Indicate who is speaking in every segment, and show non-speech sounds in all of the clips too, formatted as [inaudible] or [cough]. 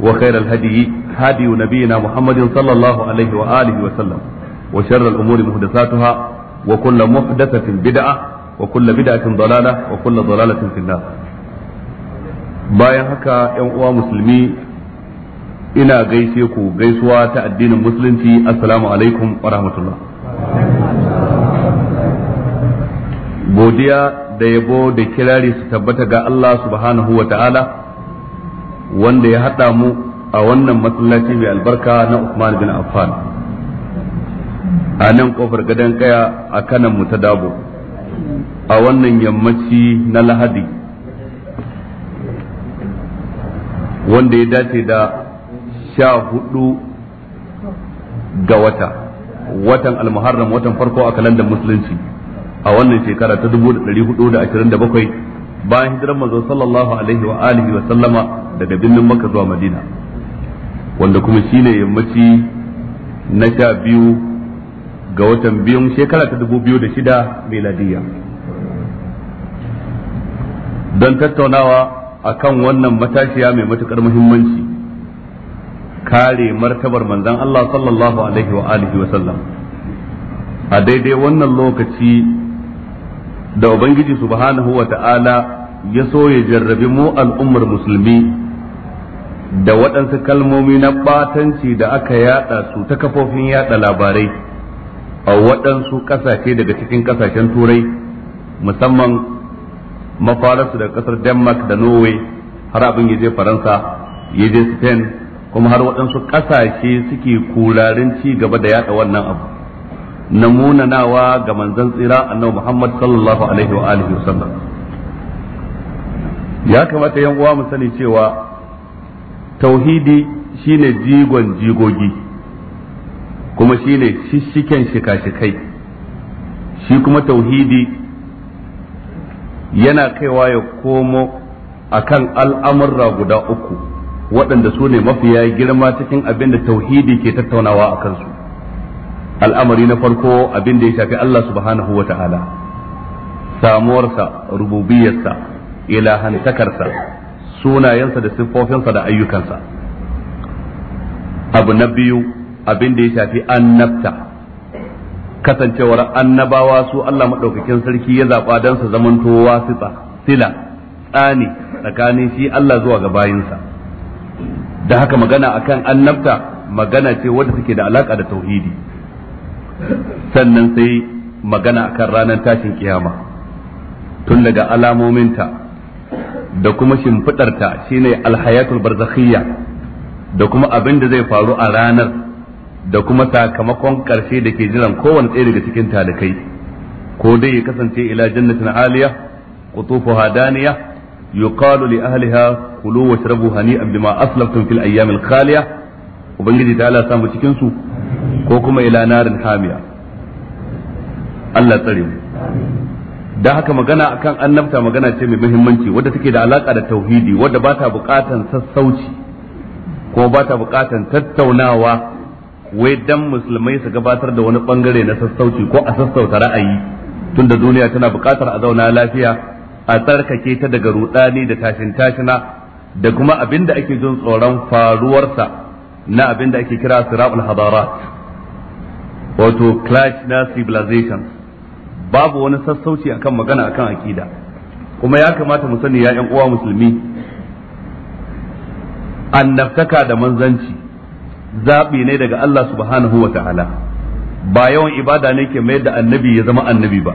Speaker 1: وخير الهدي هدي نبينا محمد صلى الله عليه وآله وسلم وشر الأمور محدثاتها وكل محدثة بدعة وكل بدعة ضلالة وكل ضلالة في النار bayan haka ‘yan uwa musulmi ina gaishe ku gaisuwa ta addinin musulunci assalamu alaikum wa rahmatullah godiya da yabo da kirari su tabbata ga Allah subhanahu wa ta'ala wanda ya haɗa mu a wannan masallaci mai albarka na Usman bin Affan a nan kofar gadon kaya a kanan mu ta dabo a wannan yammaci na lahadi wanda ya dace da sha hudu ga wata watan almuharram watan farko a kalandar musulunci a wannan shekara ta 1427 bayan hijirar manzo sallallahu alaihi wa alihi wa sallama daga birnin Makka zuwa Madina wanda kuma shine yammaci na sha biyu ga watan biyun shekara ta dubu biyu da shida don tattaunawa a kan wannan matashiya mai matukar muhimmanci kare martabar manzon Allah sallallahu alaihi wa alihi wa sallam a daidai wannan lokaci da ubangiji subhanahu wa ta'ala ya so ya jarrabi mu al'ummar musulmi da waɗansu kalmomi na ɓatanci da aka yada su ta kafofin yada labarai a waɗansu ƙasashe daga cikin kasashen turai musamman mafararsu da ƙasar denmark da norway har abin ya je faransa ya je spain kuma har waɗansu ƙasashe suke kurarin ci gaba da yada wannan abu Namuna nawa ga manzon tsira annabi Muhammad sallallahu alaihi wa alihi wasallam ya kamata yan uwa mu sani cewa tauhidi shine jigon jigogi kuma shine shishiken shika-shikai shi kuma tauhidi yana kaiwa ya komo akan al'amurra guda uku waɗanda su ne mafiya girma cikin abin da tauhidi ke tattaunawa a kansu al'amari na farko abin da ya shafi Allah subhanahu wa ta'ala samuwarsa rububiyarsa ilahantakarsa sunayensa da siffofinsa da ayyukansa abu na biyu abin da ya shafi annabta kasancewar annabawa su Allah maɗaukakin sarki ya zaɓa don su zamanto wasita sila tsani tsakanin shi Allah zuwa ga bayinsa da haka magana akan annabta magana ce wadda take da alaƙa da tauhidi sannan sai magana kan ranar tashin kiyama tun daga alamominta da kuma shimfiɗarta shine alhayatul barzakhiyya da kuma abin da zai faru a ranar da kuma sakamakon ƙarshe da ke jiran kowane ɗaya daga cikin talikai ko dai ya kasance ila jannatin aliya qutufuha daniya yuqalu li ahliha kulu washrabu hani'an bima aslaftum fil ayyamin khaliya ubangiji ta Allah samu cikin su ko kuma ila narin hamiya Allah tsare mu da haka magana akan annabta magana ce mai muhimmanci wadda take da alaka da tauhidi wadda ba ta bukatan sassauci ko ba ta bukatan tattaunawa wai dan musulmai su gabatar da wani bangare na sassauci ko a sassauta ra'ayi tunda duniya tana bukatar a zauna lafiya a tsarkake ta daga rudani da tashin tashina da kuma abin da ake jin tsoron faruwarsa na abin da ake kira sirabul hadarat wato clash na civilization babu wani sassauci akan magana akan akida kuma ya kamata mu sani ya uwa musulmi annabtaka da manzanci zaɓi ne daga Allah subhanahu wa ta'ala ba yawan ibada ne ke mayar da annabi ya zama annabi ba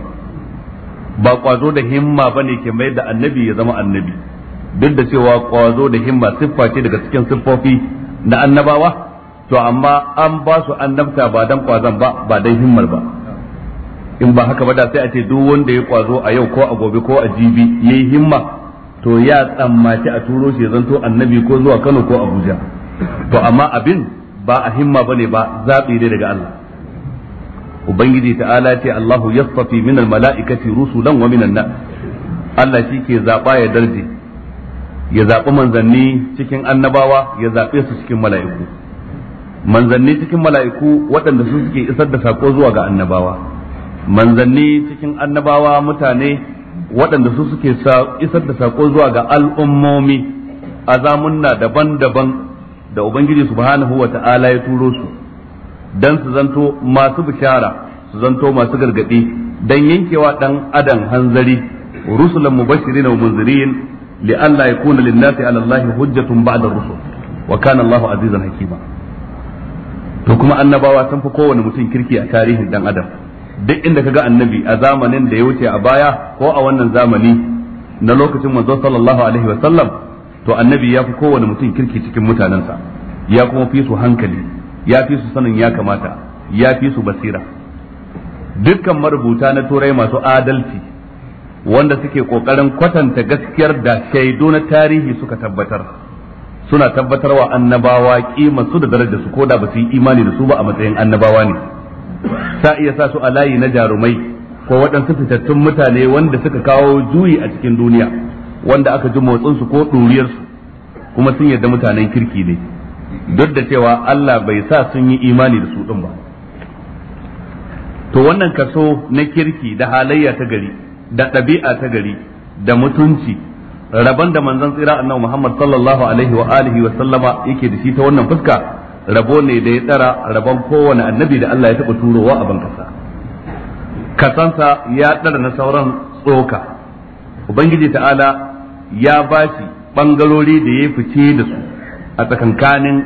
Speaker 1: ba ƙwazo da himma ba ne ke mayar da annabi ya zama annabi duk da cewa ƙwazo da himma siffa ce daga cikin siffofi na annabawa to amma an ba su annabta ba dan kwazan ba ba dan himmar ba in ba haka ba da sai a ce duk wanda ya kwazo a yau ko a gobe ko a jibi yayi himma to ya tsammaci a turo shi zanto annabi ko zuwa Kano ko Abuja to amma abin ba a himma bane ba zabi ne daga Allah ubangiji ta'ala ce Allahu yastafi minal mala'ikati rusulan wa minan nas Allah shi ke zaba ya darje ya zaɓi manzanni cikin annabawa ya zaɓe su cikin mala'iku manzanni cikin mala'iku waɗanda su suke isar da saƙo zuwa ga annabawa manzanni cikin annabawa mutane waɗanda su suke isar da saƙo zuwa ga al'ummomi azamunna daban-daban da ubangiji subhanahu wa ta'ala ya turo su dan su zanto masu bishara su zanto masu gargadi dan yankewa ɗan adam hanzari rusulan mubashirin wa munzirin لئلا يكون للناس على الله حجة بعد الرسل وكان الله عزيزا حكيما to kuma annabawa sun fi kowane mutum kirki a tarihin dan adam duk inda kaga annabi a zamanin da ya wuce a baya ko a wannan zamani na lokacin manzo sallallahu alaihi wasallam to annabi ya fi kowane mutum kirki cikin mutanensa ya kuma fi su hankali ya fi su sanin ya kamata ya fi su basira dukkan marubuta na turai masu adalci wanda suke kokarin kwatanta gaskiyar da shaidu na tarihi suka tabbatar suna tabbatar wa annabawa kima su da darajar su koda ba su yi imani da su ba a matsayin annabawa ne sa iya sa su a layi na jarumai ko waɗansu fitattun mutane wanda suka kawo juyi a cikin duniya wanda aka ji motsin su ko ɗuriyarsu kuma sun yarda mutanen kirki ne duk da cewa Allah bai sa sun yi imani da su ɗin ba to wannan kaso na kirki da halayya ta gari da ɗabi'a ta gari da mutunci rabon da manzon tsira annabi Muhammad sallallahu alaihi wa alihi wa sallama yake da shi ta wannan fuska rabo ne da ya tsara rabon kowane annabi da Allah ya taɓa turowa a bankasa kasansa ya tsara na sauran tsoka ubangiji ta'ala ya bashi bangarori da ya fice da su a tsakankanin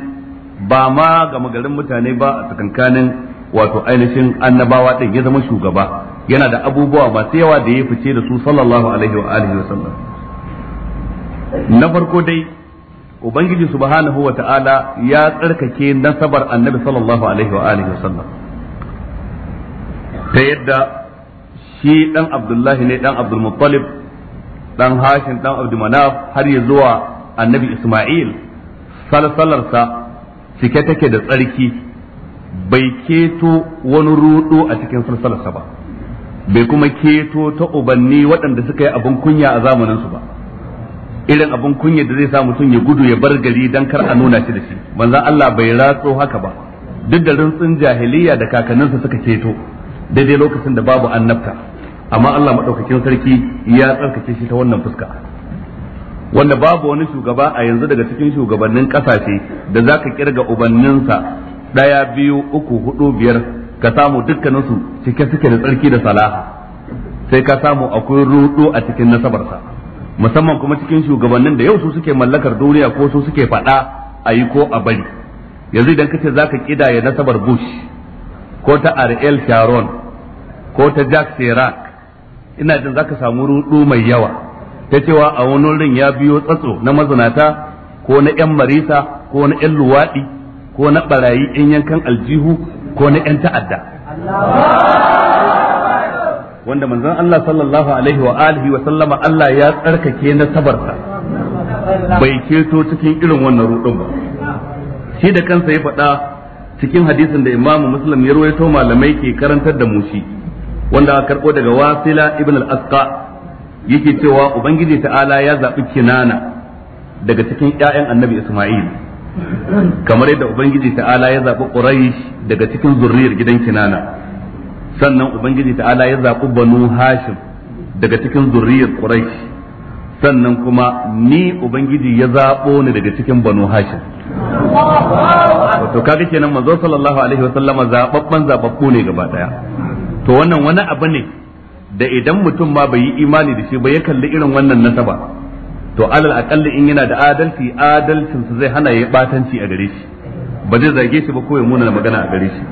Speaker 1: ba ma ga garin mutane ba a tsakankanin wato ainihin annabawa ɗin ya zama shugaba yana da abubuwa masu yawa da ya fice da su sallallahu alaihi wa alihi wa sallam na farko dai ubangiji subhanahu wa ta'ala ya tsarkake nasabar annabi sallallahu alaihi wa alihi wa sallam ta yadda shi dan abdullahi ne dan abdul muttalib dan hashim dan abdul manaf har ya zuwa annabi isma'il salsalarsa cike take da tsarki bai keto wani rudo a cikin salsalarsa ba bai kuma keto ta ubanni waɗanda suka yi abin kunya a zamaninsu ba irin abin kunya da zai sa mutum ya gudu ya bar gari don kar a nuna shi da shi banza Allah bai ratso haka ba duk da rintsin jahiliya da kakanninsa suka keto daidai lokacin da babu annabta amma Allah maɗaukakin sarki ya tsarkake shi ta wannan fuska wanda babu wani shugaba a yanzu daga cikin shugabannin ƙasashe da zaka kirga ubanninsa ɗaya biyu uku huɗu biyar ka samu dukkaninsu cike suke da tsarki da salaha sai ka samu akwai rudo a cikin nasabarsa musamman kuma cikin shugabannin da yau su suke mallakar duniya ko su suke faɗa a yi ko a bari yanzu idan ka ce za ka kidaya nasabar bush ko ta ariel sharon ko ta jack Serac ina jin za ka samu rudo mai yawa ta cewa a wani wurin ya biyo tsatso na mazinata ko na yan marisa ko na yan luwaɗi ko na ɓarayi yan yankan aljihu ko na ƴan ta'adda wanda manzon Allah sallallahu alaihi wa alihi wa sallama Allah ya tsarkake na sabarsa bai keto cikin irin wannan rudin ba shi da kansa ya faɗa cikin hadisin da Imam Muslim ya rawaito malamai ke karantar da mushi, wanda aka karɓo daga Wasila ibn al-Asqa yake cewa ubangiji ta'ala ya zabi Kinana daga cikin ƴaƴan Annabi Isma'il kamar yadda ubangiji ta'ala ya zaɓi quraish daga cikin zurriyar gidan kinana sannan ubangiji ta'ala ya zaɓi banu hashim daga cikin zurriyar quraish sannan kuma ni ubangiji ya zaɓo ni daga cikin banu hashim wato kaga kenan manzo sallallahu alaihi wasallama zababban zababbu ne gaba daya to wannan wani abu ne da idan mutum ma bai yi imani da shi ba ya kalli irin wannan nasaba to alal akalli in yana da adalci adalcin su zai hana ya batanci a gare shi ba zai zage shi ba ko ya muna magana a gare shi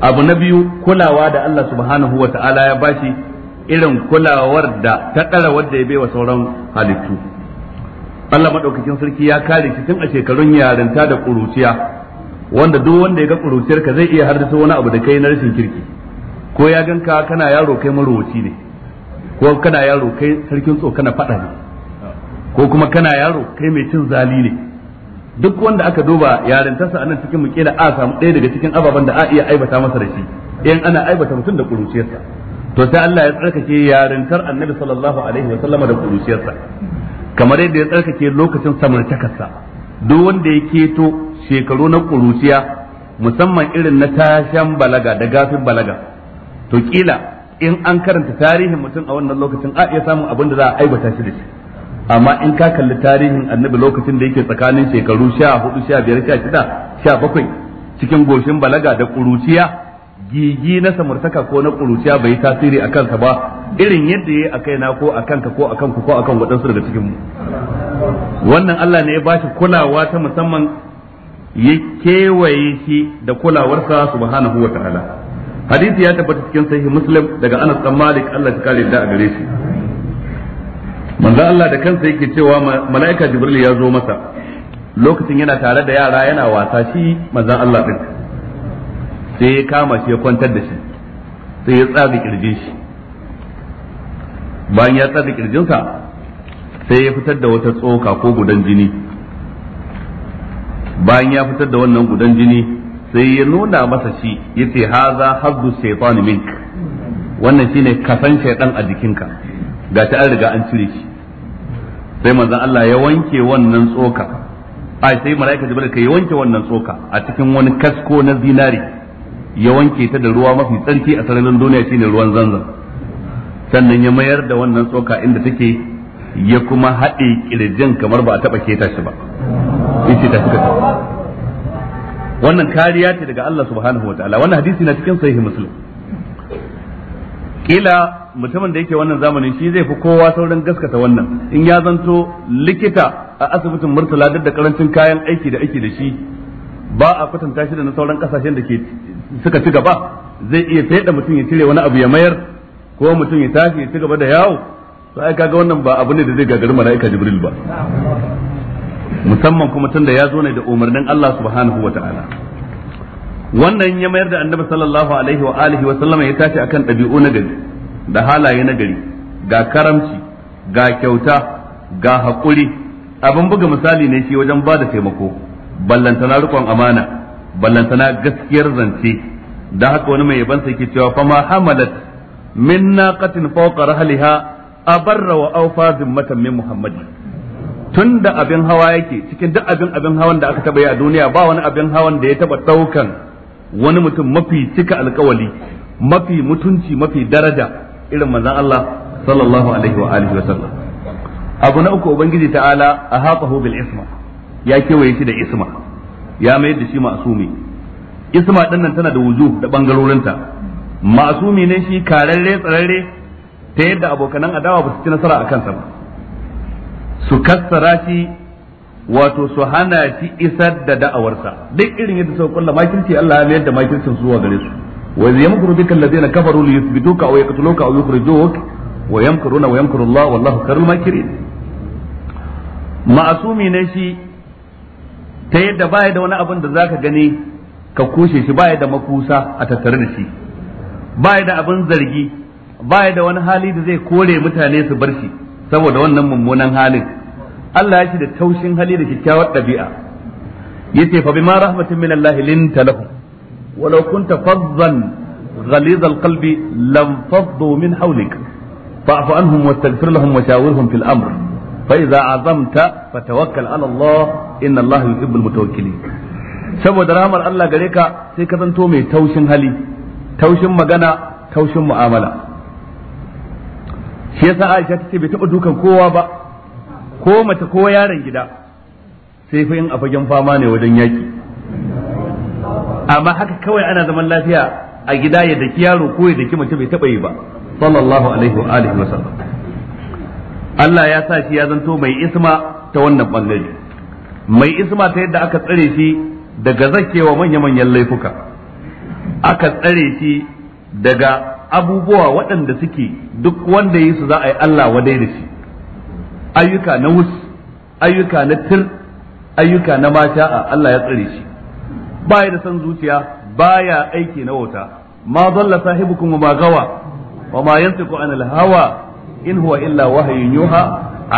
Speaker 1: abu na biyu kulawa da Allah subhanahu wa ta'ala ya bashi irin kulawar da ta ɗara wadda ya baiwa sauran halittu Allah madaukakin sarki ya kare shi tun a shekarun yarinta da ƙuruciya wanda duk wanda ya ga ƙuruciyar ka zai iya haddasa wani abu da kai na rashin kirki ko ya ganka kana yaro kai marowaci ne ko kana yaro kai sarkin tso kana faɗa ne ko kuma kana yaro kai mai cin zali ne duk wanda aka duba yarintarsa anan cikin mu kila a samu ɗaya daga cikin ababen da a iya aibata masa da shi in ana aibata mutum da kuruciyarsa to sai Allah ya tsarkake yarintar Annabi sallallahu alaihi wa da kuruciyarsa kamar yadda ya tsarkake lokacin samartakarsa duk wanda ya keto shekaru na kuruciya musamman irin na tashan balaga da gafin balaga to kila in an karanta tarihin mutum a wannan lokacin a iya samun abin da za a aibata shi da shi amma in ka kalli tarihin annabi lokacin da yake tsakanin shekaru sha hudu sha biyar sha shida sha bakwai cikin goshin balaga da ƙuruciya gigi na samartaka ko na ƙuruciya bai tasiri a kansa ba irin yadda ya yi a kaina ko a kanka ko a kanku ko a kan waɗansu daga cikinmu wannan Allah ne ya ba shi kulawa ta musamman ya kewaye shi da kulawarsa subhanahu wa ta'ala hadisi ya tabbata cikin sahihi muslim daga anas bin malik Allah ya kare da a gare shi manzo Allah da kansa yake cewa mala'ika jibril ya zo masa lokacin yana tare da yara yana wasa shi manzo Allah din sai ya kama shi ya kwantar da shi sai ya tsaga kirjin shi bayan ya tsaga sa sai ya fitar da wata tsoka ko gudan jini bayan ya fitar da wannan gudan jini sai ya nuna masa shi yace haza hazzu shaytan mink wannan shine kasan shaytan a jikinka ga ta an riga an cire shi sai manzon Allah ya wanke wannan tsoka a sai mala'ika jibril ka ya wanke wannan tsoka a cikin wani kasko na zinari ya wanke ta da ruwa mafi tsarki a sararin duniya shine ruwan zanzan sannan ya mayar da wannan tsoka inda take ya kuma haɗe kirjin kamar ba a taɓa keta shi ba ita ta suka wannan kariya ce daga Allah subhanahu wa ta'ala wannan hadisi na cikin sahihi muslim kila mutumin da yake wannan zamanin shi zai fi kowa sauran gaskata wannan in ya zanto likita a asibitin murtala duk da karancin kayan aiki da ake da shi ba a kwatanta shi da na sauran kasashen da ke suka ci gaba zai iya da mutum ya cire wani abu ya mayar ko mutum ya tashi ya ci gaba da yawo to ai kaga wannan ba abu ne da zai gagari mala'ika jibril ba musamman kuma tunda ya zo ne da umarnin Allah subhanahu wataala wannan ya mayar da annabi sallallahu alaihi wa alihi wa sallama ya tashi akan ɗabi'u na gari da halaye na gari ga karamci ga kyauta ga haƙuri abin buga misali ne shi wajen ba da taimako ballantana rikon amana ballantana gaskiyar zance da haka wani mai yabansa ke cewa fama hamalat min naqatin fawqa rahliha abarra wa awfa zimmatan min muhammadin Tunda abin hawa yake cikin duk abin abin hawan da aka taba yi a duniya ba wani abin hawan da ya taba daukan wani mutum mafi cika alkawali mafi mutunci mafi daraja irin manzan Allah sallallahu alaihi wa alihi wa sallam abu na uku ubangiji ta'ala ahaqahu bil isma ya kewaye shi da isma ya mayar da shi ma'sumi isma din nan tana da wuju da bangarorinta ma'sumi ne shi kararre tsararre ta yadda abokanan adawa ba su ci nasara a kansa ba su kassara shi wato su hana shi isar da da'awarsa duk irin yadda suka kulla makirci Allah ya mayar da makircin zuwa gare su wa yamkuru bika alladhina kafaru li yuthbituka aw yaqtuluka aw yukhrijuk wa yamkuruna wa yamkuru Allah wallahu khairul makirin ma'asumi ne shi ta yadda baya da wani abin da zaka gani ka kushe shi baya da makusa a tattare da shi baya da abin zargi baya da wani hali da zai kore mutane su bar shi saboda wannan mummunan halin Allah ya ce da taushin hali da kyakkyawar ɗabi'a yace fa bima rahmatin min Allah linta lahum ولو كنت فظا غليظ القلب لانفضوا من حولك فاعف عنهم واستغفر لهم وشاورهم في الامر فاذا عزمت فتوكل على الله ان الله يحب المتوكلين saboda rahmar Allah gare ka sai ka zanto mai taushin hali taushin magana taushin mu'amala shi yasa Aisha ta ce bai taɓa dukan kowa ba ko mace ko yaron gida sai fa in a fagen fama ne wajen yaki amma haka kawai ana zaman lafiya a gida ya daki yaro ko ya daki mace bai taba yi ba sallallahu alaihi wa alihi wasallam Allah ya sa shi ya zanto mai isma ta wannan bangare mai isma ta yadda aka tsare shi daga zakewa manya-manyan laifuka aka tsare shi daga abubuwa waɗanda suke duk wanda yi su za a yi Allah wadai da shi ayyuka na wus ayyuka na tir ayyuka na mata a Allah ya tsare shi baya da san zuciya baya aiki na wauta ma dalla sahibukum ma gawa wa ma yantiqu al hawa in huwa illa wahyun yuha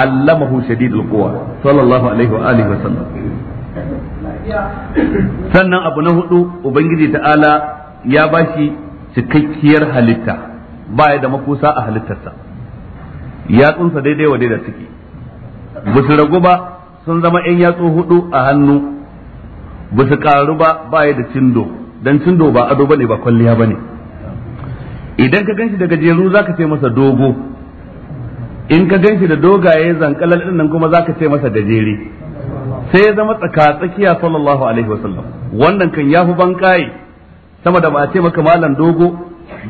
Speaker 1: allamahu shadidul quwa sallallahu alaihi wa alihi wa sallam sannan abu na hudu ubangiji ta'ala ya bashi cikakkiyar halitta baya da makusa a halittarsa Ya yatsunsa daidai wa daidai suke ba su ragu ba sun zama 'yan yatsu hudu a hannu ba su karu ba ba ya da cindo don cindo ba ado bane ba kwalliya bane idan ka ganshi da gajeru zaka ce masa dogo in ka ganshi da dogaye zankalal ɗin nan kuma zaka ce masa gajere sai ya zama tsaka tsakiya sallallahu alaihi wasallam wannan kan ya ban kaye sama da ba a ce maka malam dogo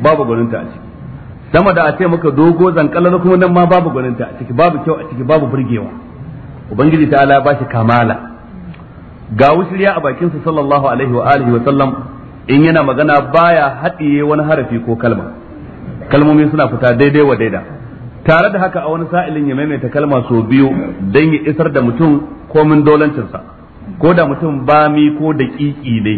Speaker 1: babu gwaninta a ciki sama da a ce maka dogo zankalal kuma nan ma babu gwaninta a ciki babu kyau a ciki babu burgewa ubangiji ta ala ba shi kamala ga wusuliya a bakinsa sallallahu alaihi wa alihi wa sallam in yana magana baya haɗiye wani harafi ko kalma kalmomi suna fita daidai wa daida tare da haka a wani sa'ilin ya maimaita kalma so biyu don ya isar da mutum komin dolancinsa ko da mutum ba mi ko da ƙiƙi ne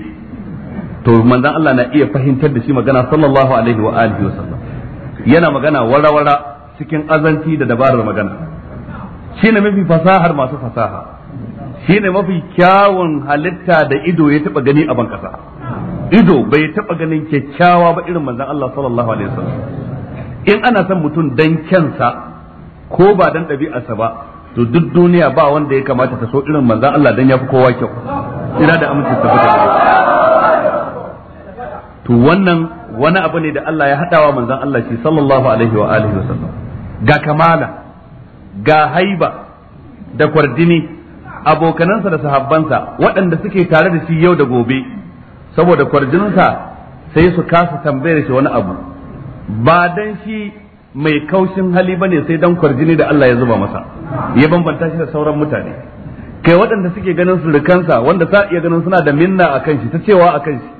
Speaker 1: to manzon Allah na iya fahimtar da shi magana sallallahu alaihi wa alihi wa sallam yana magana wara-wara cikin azanci da dabarar magana shine mafi fasahar masu fasaha Shi ne mafi kyawun halitta da ido ya taba gani a bankasa ido bai taba ganin kyakkyawa ba irin manzan Allah sallallahu alaihi wasallam in ana son mutum dan kyansa ko ba dan ɗabi'arsa ba to duk duniya ba wanda ya kamata ka so irin manzan Allah dan yafi kowa kyau ina da aminci tabbata to wannan wani abu ne da Allah ya hadawa manzan Allah shi sallallahu alaihi wa alihi wasallam ga kamala ga haiba da kwardini abokanansa da sahabbansa waɗanda suke tare da shi yau da gobe saboda kwarjinsa sai su kasa tambayar shi wani abu ba dan shi mai kaushin hali bane sai dan kwarjini da Allah ya zuba masa ya bambanta shi da sauran mutane kai waɗanda suke ganin surukansa wanda sa iya ganin suna da minna a kan shi ta cewa a kan shi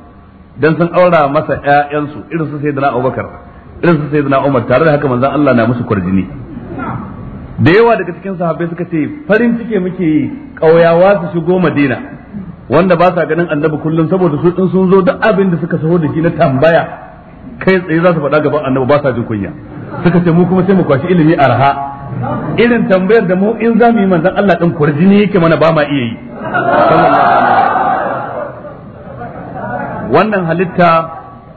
Speaker 1: dan sun aura masa ƴaƴansu irin su sayyidina Abubakar irin su sayyidina Umar tare da haka manzon Allah na musu kwarjini da yawa daga cikin sahabbai suka ce farin cike muke yi ƙauyawa su shigo madina wanda ba sa ganin annabi kullum saboda su din sun zo duk abin da suka saho da shi na tambaya kai tsaye za su faɗa gaban annabi ba sa jin kunya suka ce mu kuma sai mu kwashi ilimi arha irin tambayar da mu in za mu yi manzon Allah din kurjini yake mana ba ma iya yi wannan halitta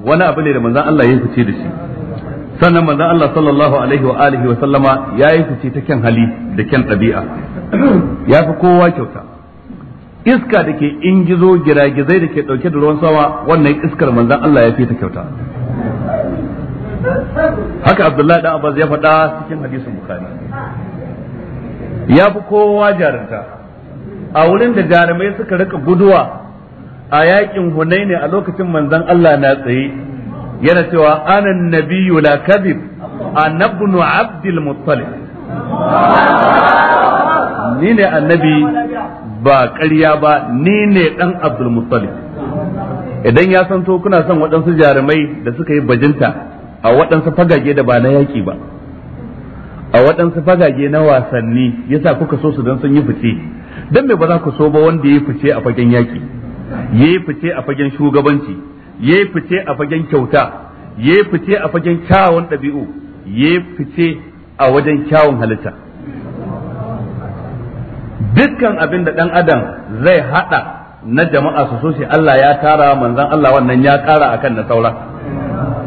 Speaker 1: wani abu ne da manzon Allah ya fice da shi sannan manzon Allah sallallahu alaihi wa alihi wa sallama yi fice ta kyan hali da kyan ɗabi'a [clears throat] ya fi kowa kyauta iska da ke ingizo giragizai da ke ɗauke da ruwan sama wannan iskar manzon Allah ya fi ta kyauta
Speaker 2: haka Abdullahi da Abbas ya faɗa cikin hadisin Bukhari ya
Speaker 1: fi kowa jarumta a wurin da jarumai suka rika guduwa a yakin Hunaini a lokacin manzon Allah na tsaye yana cewa ana nabiyyu la kadhib annabnu abdul muttalib
Speaker 2: ni ne annabi
Speaker 1: ba ƙarya ba ni ne dan abdul
Speaker 2: muttalib
Speaker 1: idan ya santo kuna son waɗansu jarumai da suka yi bajinta a waɗansu fagage da ba na yaƙi ba a waɗansu fagage na wasanni yasa kuka so su don sun yi fice don me ba za ku so ba wanda ya fice a fagen yaƙi ya yi fice a fagen shugabanci yayi fice a fagen kyauta yayi fice a fagen kyawun ɗabi'u yayi fice a wajen kyawun halitta dukkan abin da ɗan adam zai haɗa na jama'a su so Allah ya tara manzan Allah wannan ya ƙara akan na saura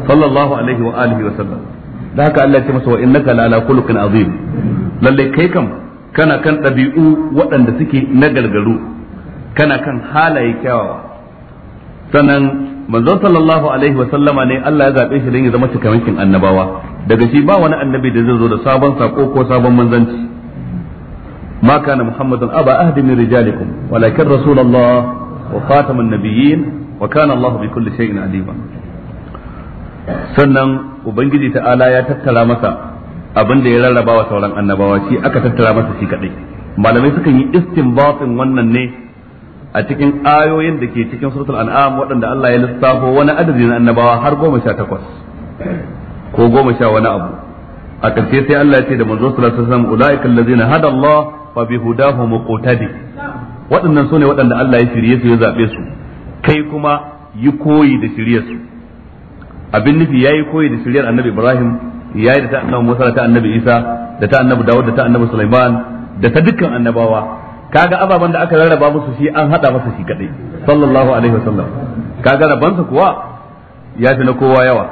Speaker 1: sallallahu alaihi wa alihi wa sallam da haka Allah ya ce masa wa innaka la ala khuluqin azim lalle kai kam kana kan ɗabi'u waɗanda suke na gargaru kana kan halaye kyawawa sannan manzon sallallahu alaihi wa sallama ne Allah ya zabe shi don ya zama cikamakin annabawa daga shi ba wani annabi da zai zo da sabon sako ko sabon manzanci ma kana muhammadun aba ahdi min rijalikum walakin rasulullah wa khataman nabiyyin wa kana Allah bi kulli shay'in alima sannan ubangiji ta'ala ya tattara masa abin da ya rarraba wa sauran annabawa shi aka tattara masa shi kadai malamai sukan yi istinbatin wannan ne a cikin ayoyin da ke cikin suratul an'am waɗanda Allah ya lissafo wani adadi na annabawa har goma sha takwas ko goma sha wani abu a ƙarshe sai Allah ya ce da manzo sallallahu alaihi wasallam ulaika allazina hada Allah fa bi hudahu muqtadi waɗannan sune waɗanda Allah ya shirye su ya zabe su kai kuma yi koyi da shirye su abin nufi yayi koyi da shiryar annabi Ibrahim yayi da ta annabi Musa da ta annabi Isa da ta annabi Dawud da ta annabi Sulaiman da ta dukkan annabawa kaga ababan da aka rarraba musu shi an hada masa shi kadai sallallahu alaihi wasallam kaga rabansa kuwa ya fi na kowa yawa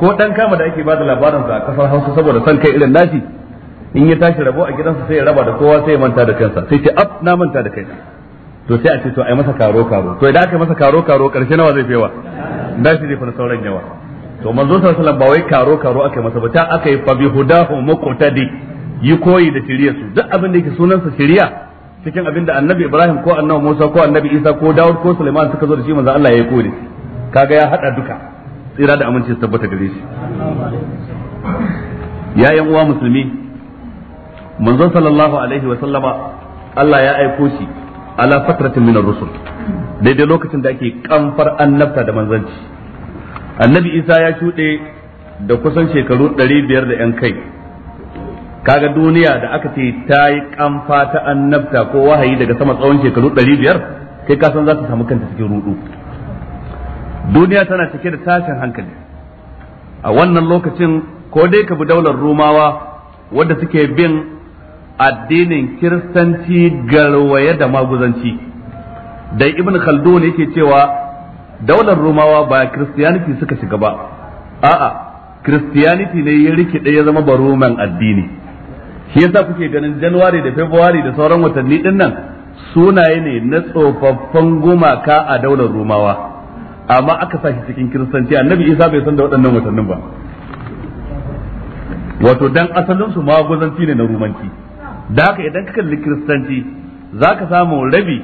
Speaker 1: ko dan kama da ake bada labarin sa a kasar Hausa saboda san kai irin nashi in ya tashi rabo a gidansa sai ya raba da kowa sai ya manta da kansa sai ce af na manta da kai to sai a ce to ai masa karo karo to idan aka yi masa karo karo karshe nawa zai fewa nashi zai fara na sauran yawa to manzo sallallahu alaihi wasallam ba wai karo karo aka yi masa ba ta aka yi fa bi hudahu muqtadi yi koyi da shiriyarsu duk abin da yake sunansa shiriya cikin abin da annabi Ibrahim ko annabi Musa ko annabi Isa ko Dawud ko Sulaiman suka zo da shi manzo Allah ya yi kore kaga ya hada duka tsira da aminci su tabbata gare shi ya yan uwa musulmi manzo sallallahu alaihi wa sallama Allah ya aiko shi ala fatratin min ar-rusul daidai lokacin da ake kamfar annabta da manzanci annabi Isa ya shuɗe da kusan shekaru 500 da yan kai kaga duniya da aka ce ta yi kamfa ta annabta ko wahayi daga sama tsawon shekaru 500 kai ka san za ta samu kanta cikin rudu duniya tana cike da tashin hankali a wannan lokacin ko dai ka bi daular rumawa wadda suke bin addinin kiristanci garwaye da maguzanci da ibn khaldun yake cewa daular rumawa ba kiristiyaniti suka shiga ba a'a kiristiyaniti ne ya rikide ya zama baroman addini shi yasa kuke ganin Januwari da February da sauran watanni din nan sunaye ne na tsofaffin gumaka a daular Rumawa amma aka sa shi cikin kiristanci annabi Isa bai san da waɗannan watannin ba wato dan asalin su magwazanci ne na rumanci da haka idan ka kalli kiristanci za ka samu rabi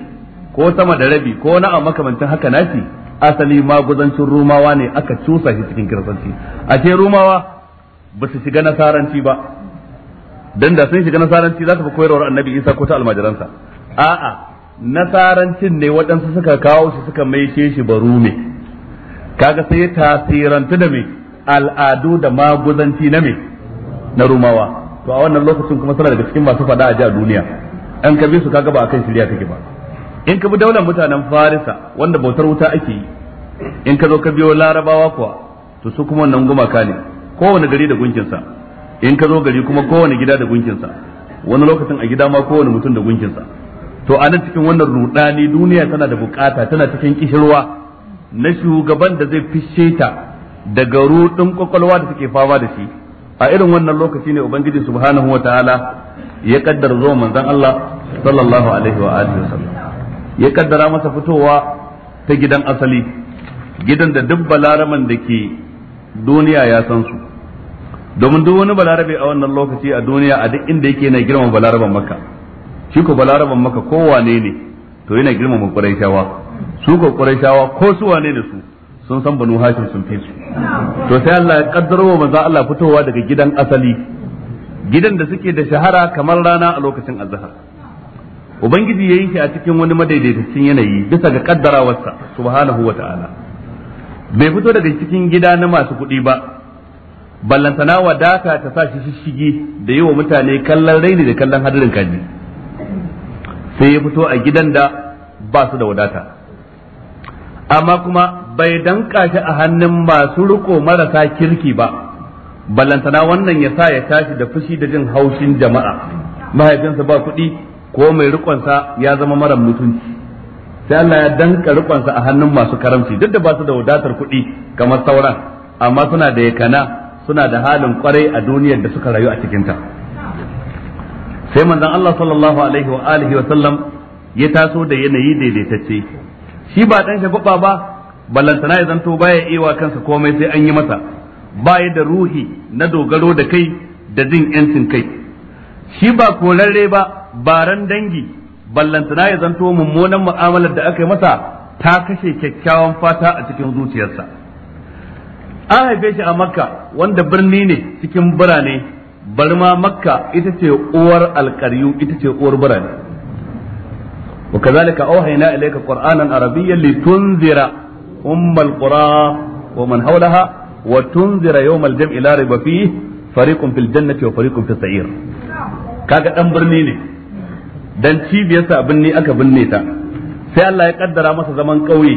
Speaker 1: ko sama da rabi ko na a makamancin haka nashi asali maguzancin rumawa ne aka cusa shi cikin kiristanci a ce rumawa ba su shiga nasaranci ba dan da sun shiga nasaranci za ta fi koyarwar annabi isa ko ta almajiransa a'a nasarancin ne waɗansu suka kawo shi suka maishe shi barume kaga sai ya tasiranta da me al'adu da maguzanci na me na rumawa to a wannan lokacin kuma suna daga cikin masu fada a ji a duniya an ka bi su kaga ba akan shirya take ba in ka bi daular mutanen farisa wanda bautar wuta ake yi in ka zo ka biyo larabawa kuwa to su kuma wannan gumaka ne kowane gari da gunkinsa in ka zo gari kuma kowane gida da gunkinsa wani lokacin a gida ma kowane mutum da gunkinsa to a nan cikin wannan rudani duniya tana da bukata tana cikin kishirwa na shugaban da zai fishe ta daga rudin kwakwalwa da suke fama da shi a irin wannan lokaci ne ubangiji subhanahu wa ta'ala ya kaddara zuwa manzon Allah sallallahu alaihi wa alihi wasallam ya kaddara masa fitowa ta gidan asali gidan da duk balaraman da ke duniya ya san su domin duk wani balarabe a wannan lokaci a duniya a duk inda yake yana girmama balaraban maka shi ko balaraban ko wane ne to yana girmama quraishawa su ko quraishawa ko su wane ne su sun san banu hashim sun fi su to sai Allah ya kaddaro wa manzo Allah fitowa daga gidan asali gidan da suke da shahara kamar rana a lokacin azhar ubangiji yayin shi a cikin wani madaidaitaccen yanayi bisa ga kaddarawarsa subhanahu wata'ala bai fito daga cikin gida na masu kuɗi ba ballantana wadata ta sa shi shige da yi wa mutane kallon raini da kallon hadarin kaji sai ya fito a gidan da ba su da wadata amma kuma bai danka shi a hannun masu riko marasa kirki ba ballantana wannan ya sa ya tashi da fushi da jin haushin jama'a mahaifinsa ba kuɗi ko mai rikonsa ya zama mara mutunci sai Allah ya danka rikonsa a hannun masu karamci duk da ba su da wadatar kuɗi kamar sauran amma suna da yakana suna da halin kwarai a duniyar da suka rayu a cikinta sai manzon Allah sallallahu alaihi wa alihi wa sallam ya taso da yanayi daidaitacce shi ba dan shagwaba ba ballantana ya zanto baya iwa kansa komai sai an yi masa baya da ruhi na dogaro da kai da jin yancin kai shi ba korarre ba baran dangi ballantana ya zanto mummunan mu'amalar da aka yi masa ta kashe kyakkyawan fata a cikin zuciyarsa an haife shi a makka wanda birni ne cikin birane bari ma makka ita ce uwar alƙaryu, ita ce uwar birane wa kazalika auhayna ilayka qur'anan arabiyyan litunzira ummal qura wa man hawlaha wa tunzira yawmal jam'i la rayba fihi fariqun fil jannati wa fariqun fis sa'ir kaga dan birni ne dan cibiyarsa binne aka binne ta sai Allah ya kaddara masa zaman kauye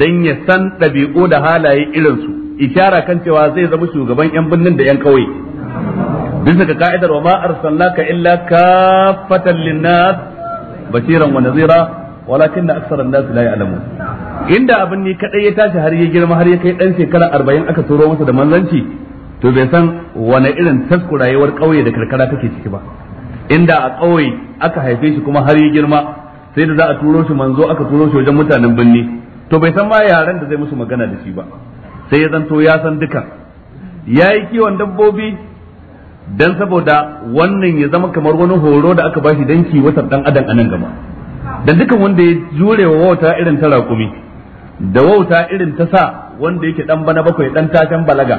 Speaker 1: dan ya san ɗabi'u da halaye irinsu ishara kan cewa zai zama shugaban yan birnin da yan kauye bisa ga ka'idar wa ma arsalnaka illa kaffatan linnas bashiran wa nazira walakin aksara an-nas la ya'lamun inda abin ni kadai ya tashi har ya girma har ya kai dan shekara 40 aka turo masa da manzanci to bai san wani irin taskurayewar kauye da karkara take ciki ba inda a kauye aka haife shi kuma har ya girma sai da za a turo shi manzo aka turo shi wajen mutanen birni to bai san ma yaran da zai musu magana da shi ba sai ya zanto ya san duka ya yi kiwon dabbobi dan saboda wannan ya zama kamar wani horo da aka bashi dan kiwatar dan adam anan gaba da dukan wanda ya jure wa wauta irin ta rakumi da wauta irin ta sa wanda yake dan bana bakwai dan tashan balaga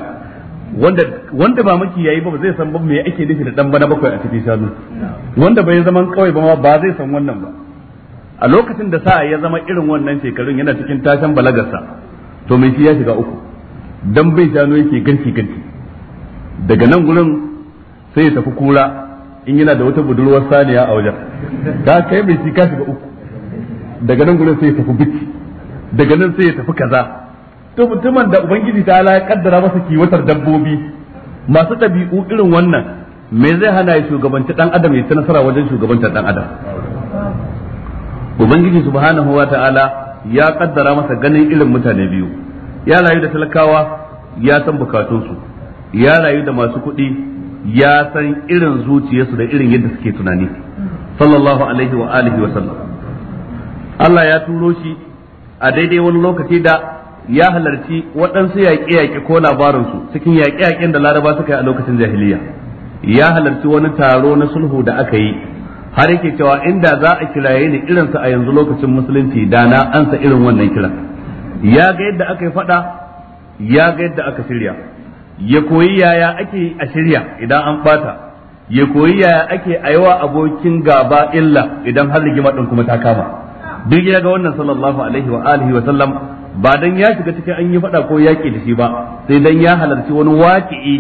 Speaker 1: wanda wanda ba maki yayi ba zai san ba me ake nufi da dan bana bakwai a cikin shanu wanda bai zaman kawai ba ba zai san wannan ba a lokacin da sa ya zama irin wannan shekarun yana cikin tashan balagarsa to mai shi ya shiga uku dan bai shanu yake ganci ganci daga nan gurin sai ya tafi kura in yana da wata budurwar saniya a wajen da kai bai shi ka shiga uku daga nan gurin sai ya tafi biki daga nan sai ya tafi kaza to mutumin da ubangiji ta ala ya kaddara masa kiwatar dabbobi masu ɗabi'u irin wannan me zai hana ya shugabanci dan adam ya ci nasara wajen shugabantar dan adam ubangiji subhanahu wa ta'ala ya kaddara masa ganin irin mutane biyu ya rayu da talakawa ya san bukatunsu ya rayu da masu kuɗi ya san irin zuciyarsu da irin yadda suke tunani sallallahu alaihi wa alihi wa sallam Allah ya turo shi a daidai wani lokaci da ya halarci waɗansu yaƙe-yaƙe ko labarinsu cikin yaƙe-yaƙen da laraba suka yi a lokacin jahiliya ya halarci wani taro na sulhu da aka yi har yake cewa inda za a kiraye ni irinsa a yanzu lokacin musulunci da ansa irin wannan kiran ya ga yadda aka yi fada ya ga yadda aka shirya ya koyi yaya ake a shirya idan an bata ya koyi yaya ake a yawa abokin gaba illa idan har rigima din kuma ta kama duk ya ga wannan sallallahu alaihi wa alihi wa sallam ba dan ya shiga cikin an yi fada ko yaki da shi ba sai dan ya halarci wani waki'i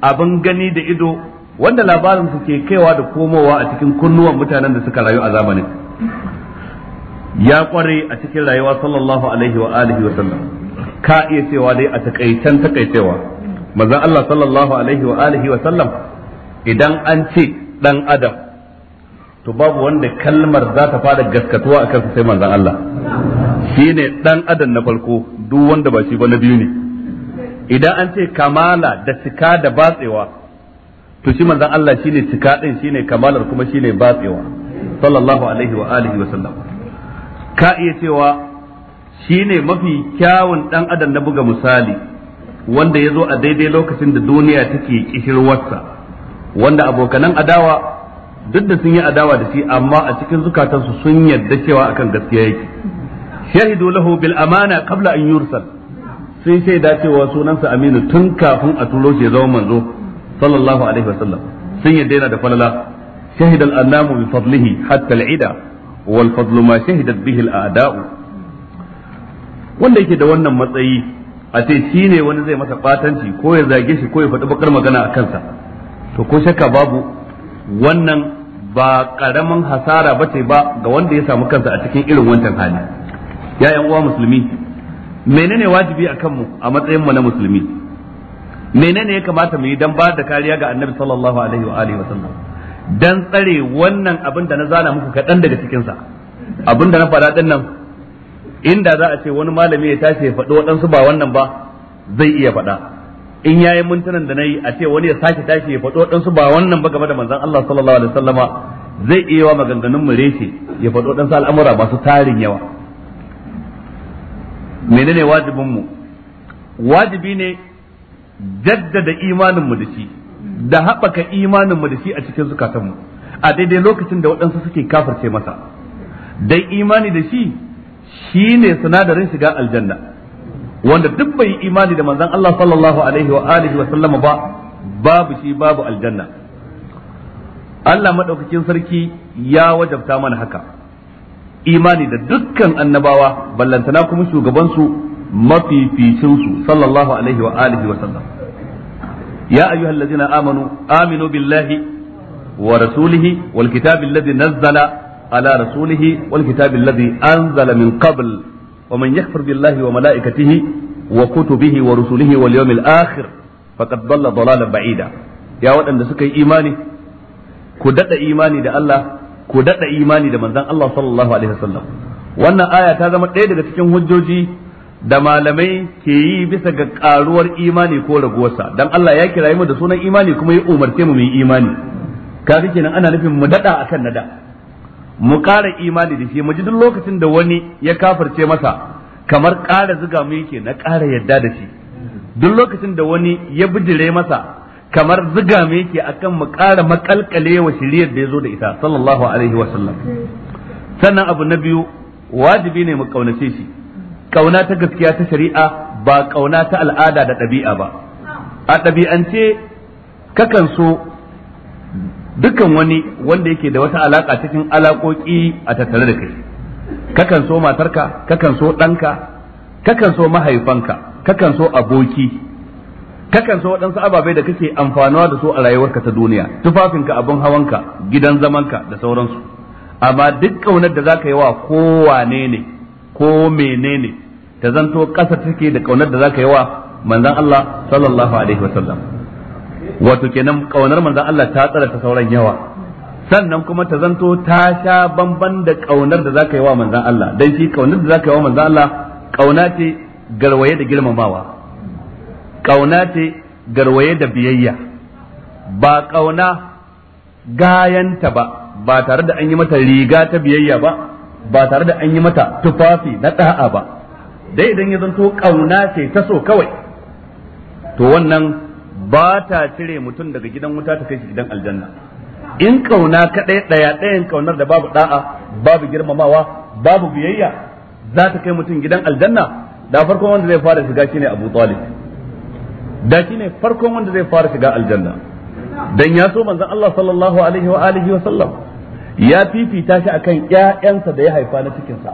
Speaker 1: abin gani da ido wanda labarin su ke kaiwa da komowa a cikin kunnuwan mutanen da suka rayu a zamanin ya kware a cikin rayuwa sallallahu alaihi wa alihi wa sallam ka iya cewa dai a takaitan takaicewa manzon Allah sallallahu alaihi wa alihi wa sallam idan an ce dan adam to babu wanda kalmar za ta fara gaskatuwa a kansa sai manzon Allah shine dan adam na farko duk wanda ba shi ba na biyu ne idan an ce kamala da cika da batsewa to shi manzon Allah shine cika din shine kamalar kuma shine batsewa sallallahu alaihi wa alihi wa sallam ka iya cewa shi ne mafi kyawun dan adam na buga misali wanda ya zo a daidai lokacin da duniya take kishirwarsa wanda abokanan adawa duk da sun yi adawa da shi amma a cikin zukatansu sun yarda cewa akan gaskiya yake shahidu lahu bil amana qabla an yursal sun shaida cewa sunansa aminu tun kafin a turo shi zama manzo sallallahu alaihi wasallam sun yarda yana da falala shahidal annamu bi fadlihi hatta al'ida wal fadlu ma shahidat bihi al a'da'u wanda yake da wannan matsayi a ce shi ne wani zai masa batanci ko ya zage shi ko ya faɗi bakar magana a kansa to ko shakka babu wannan ba ƙaramin hasara bace ba ga wanda ya samu kansa a cikin irin wancan hali ya yan uwa musulmi menene wajibi a kanmu a matsayin mu na musulmi menene ya kamata mu yi dan ba da kariya ga annabi sallallahu alaihi wa alihi wa sallam dan tsare wannan abin da na zana muku kaɗan daga cikinsa abin da na faɗa ɗin nan inda za a ce wani malami ya tashi ya faɗi waɗansu ba wannan ba zai iya faɗa in ya yi mintunan da na yi a ce wani ya sake tashi ya faɗi waɗansu ba wannan ba game da manzan, Allah sallallahu alaihi wasallama zai iya wa maganganun mu reshe ya faɗi waɗansu al'amura masu tarin yawa menene wajibin mu wajibi ne jaddada imanin mu da shi da haɓaka imanin mu da shi a cikin zukatanmu a daidai lokacin da waɗansu suke kafirce masa dan imani da shi shine sinadarin shiga aljanna wanda duk bai imani da manzon Allah sallallahu alaihi wa alihi wa sallama ba babu shi babu aljanna Allah madaukakin sarki ya wajabta mana haka imani da dukkan annabawa ballantana kuma shugabansu mafificinsu sallallahu alaihi wa alihi wa sallam ya ayyuhal ladzina amanu aminu billahi wa rasulihi wal kitabi alladhi nazzala ala rasulihi wal kitabi alladhi anzala min qabl wa man billahi wa malaikatihi wa kutubihi wa rusulihi wal yawmil akhir faqad dalla dalalan ba'ida ya waɗanda suka yi imani ku daɗa imani da Allah ku daɗa imani da manzon Allah sallallahu alaihi wasallam wannan aya ta zama ɗaya daga cikin hujjoji da malamai ke yi bisa ga karuwar imani ko raguwarsa dan Allah ya kirayi mu da sunan imani kuma ya umarce mu mu yi imani kaga kenan ana nufin mu dada akan nada mu ƙara imani da shi mu ji duk lokacin da wani ya kafarce masa kamar ƙara zuga mu yake na ƙara yadda da shi duk lokacin da wani ya bijire masa kamar zuga mu yake akan mu ƙara makalkale wa shiriyar da ya zo da ita sallallahu alaihi wa sallam sannan abu na biyu wajibi ne mu ƙaunace shi kauna ta gaskiya ta shari'a ba kauna ta al'ada da ɗabi'a ba a ɗabi'ance kakan so dukkan wani wanda yake da wata alaka cikin alakoki a tattare da kai kakan so matarka kakan so ɗanka kakan so mahaifanka kakan so aboki kakan so waɗansu ababai da kake amfanuwa da su a rayuwarka ta duniya tufafinka abin hawanka gidan zamanka da sauransu amma duk ƙaunar da za ka yi wa kowane ne ko menene ta zanto ƙasa take da kaunar da zaka yi wa manzon Allah sallallahu alaihi wasallam wato kenan kaunar manzon Allah ta tsara ta sauran yawa sannan kuma ta zanto ta sha bamban da kaunar da zaka yi wa manzon Allah dan shi kaunar da zaka yi wa manzon Allah kauna ce garwaye da girmamawa kauna ce garwaye da biyayya ba kauna gayanta ba ba tare da an yi mata riga ta biyayya ba ba tare da an yi mata tufafi na da'a ba dai idan ya zanto kauna ce ta so kawai to wannan ba ta cire mutum daga gidan wuta ta kai shi gidan aljanna in kauna kaɗai ɗaya-ɗayan kaunar da babu da'a babu girmamawa babu biyayya za ta kai mutum gidan aljanna da farkon wanda zai fara shiga shine Abu Talib da shine farkon wanda zai fara shiga aljanna dan ya so manzon Allah sallallahu alaihi wa alihi wa sallam ya fifita shi akan ƴaƴansa da ya haifa na cikinsa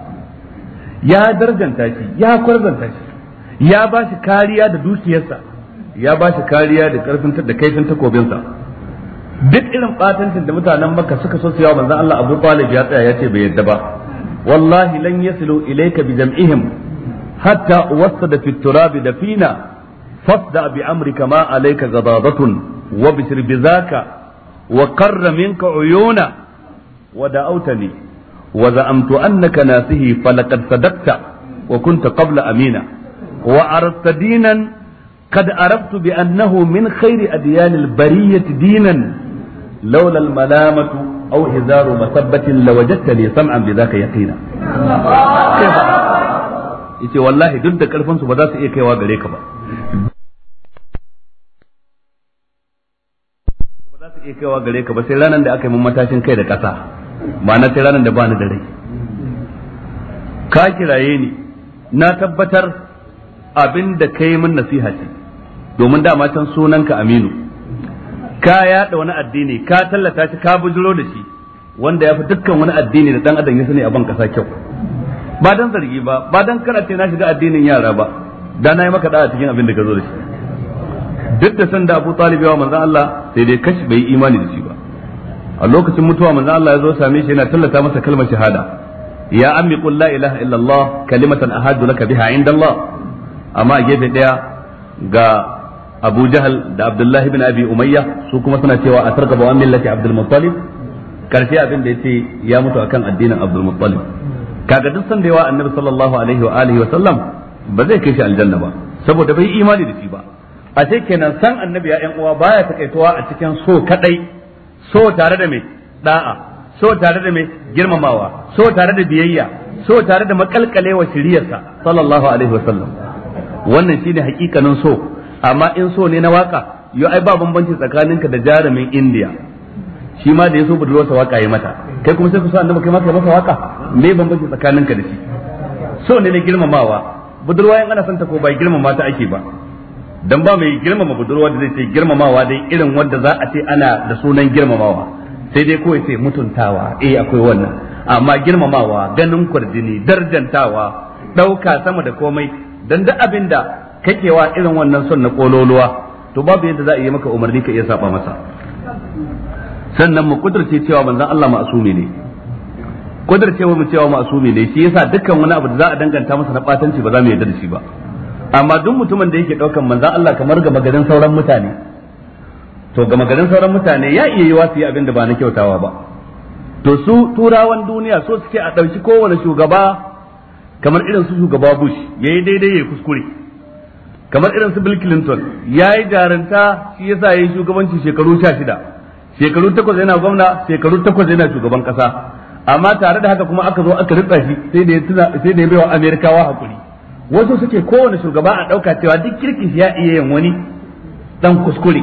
Speaker 1: ya darjanta shi ya kwarzanta shi ya ba shi kariya da dukiyarsa ya ba shi kariya da karfin da kaifin takobinsa duk irin batancin da mutanen makka suka so su yawa manzon Allah Abu Talib ya tsaya ya ce bai yadda ba wallahi lan yasilu ilayka bi jam'ihim hatta wasada fi turab dafina fasda bi amrika ma alayka zababatun. wa bishir bizaka wa qarra minka uyuna ودعوتني وزعمت أنك ناسه فلقد صدقت وكنت قبل أمينا وأردت دينا قد أردت بأنه من خير أديان البرية دينا لولا الملامة أو هزار مسبة لوجدتني سمعا بذاك يقينا yace wallahi duk da karfin su ba za su iya kaiwa gare ka ba ba za su iya kaiwa gare ka ba sai ranar da aka yi mun matashin kai da ƙasa ma'ana sai ranar da ba ni da rai ka kiraye ni na tabbatar abin da kai min nasiha ce domin dama can sunanka aminu ka yaɗa wani addini ka tallata shi ka bujiro da shi wanda ya fi dukkan wani addini da dan adam ya sani a ban kasa kyau ba dan zargi ba ba dan karace na shiga addinin yara ba da na yi maka da'a cikin abin da ka zo da shi duk da san da Abu Talib yawa manzon Allah sai dai kashi bai imani da shi ba a lokacin mutuwa manzo Allah ya zo same shi yana tallata masa kalmar shahada ya ammi qul la ilaha illallah kalimatan ahadu laka biha inda Allah amma a gefe daya ga Abu Jahal da Abdullah ibn Abi Umayya su kuma suna cewa a targaba an millati Abdul Muttalib karshe abin da yace ya mutu akan addinin Abdul Muttalib kaga duk san da yawa Annabi sallallahu alaihi wa alihi wa sallam ba zai kai shi aljanna ba saboda bai imani da shi ba a sai kenan san annabi ya yan uwa baya takaitowa a cikin so kadai so tare da mai da'a so tare da mai girmamawa so tare da biyayya so tare da makalkalewa shiriyarsa sallallahu alaihi wasallam wannan shine hakikanin so amma in so ne na waka yo ai ba bambanci tsakaninka da jarumin indiya shi ma da ya so budurwarsa waka ya mata kai kuma sai ku sa annabi kai kai masa waka me bambanci tsakaninka da shi so ne na girmamawa budurwa yan ana santa ko bai girmama ta ake ba dan ba mai girmama budurwa da zai ce girmamawa dai irin wanda za a ce ana da sunan girmamawa sai dai kawai sai mutuntawa eh akwai wannan amma girmamawa ganin kwarjini darjantawa ɗauka sama da komai dan da abin da kake wa irin wannan son na kololuwa to babu yadda za a yi maka umarni ka iya saba masa sannan mu kudurce cewa manzon Allah ma'asumi ne kudurce mu cewa ma'asumi ne shi yasa dukkan wani abu da za a danganta masa na batanci ba za mu yarda da shi ba amma duk mutumin da yake daukan manzan Allah kamar ga magadin sauran mutane to ga magadin sauran mutane ya iya yiwa su yi abin da ba na kyautawa ba to su turawan duniya so suke a ɗauki kowane shugaba kamar irin su shugaba Bush ya yi daidai ya yi kuskure kamar irin su Bill Clinton ya yi jaranta shi yasa ya yi shugabanci shekaru sha shida shekaru takwas yana gwamna shekaru takwas yana shugaban ƙasa amma tare da haka kuma aka zo aka ritsa shi sai da ya bai wa Amerikawa hakuri wasu suke kowane shugaba a ɗauka cewa duk kirkin ya iya yin wani dan kuskure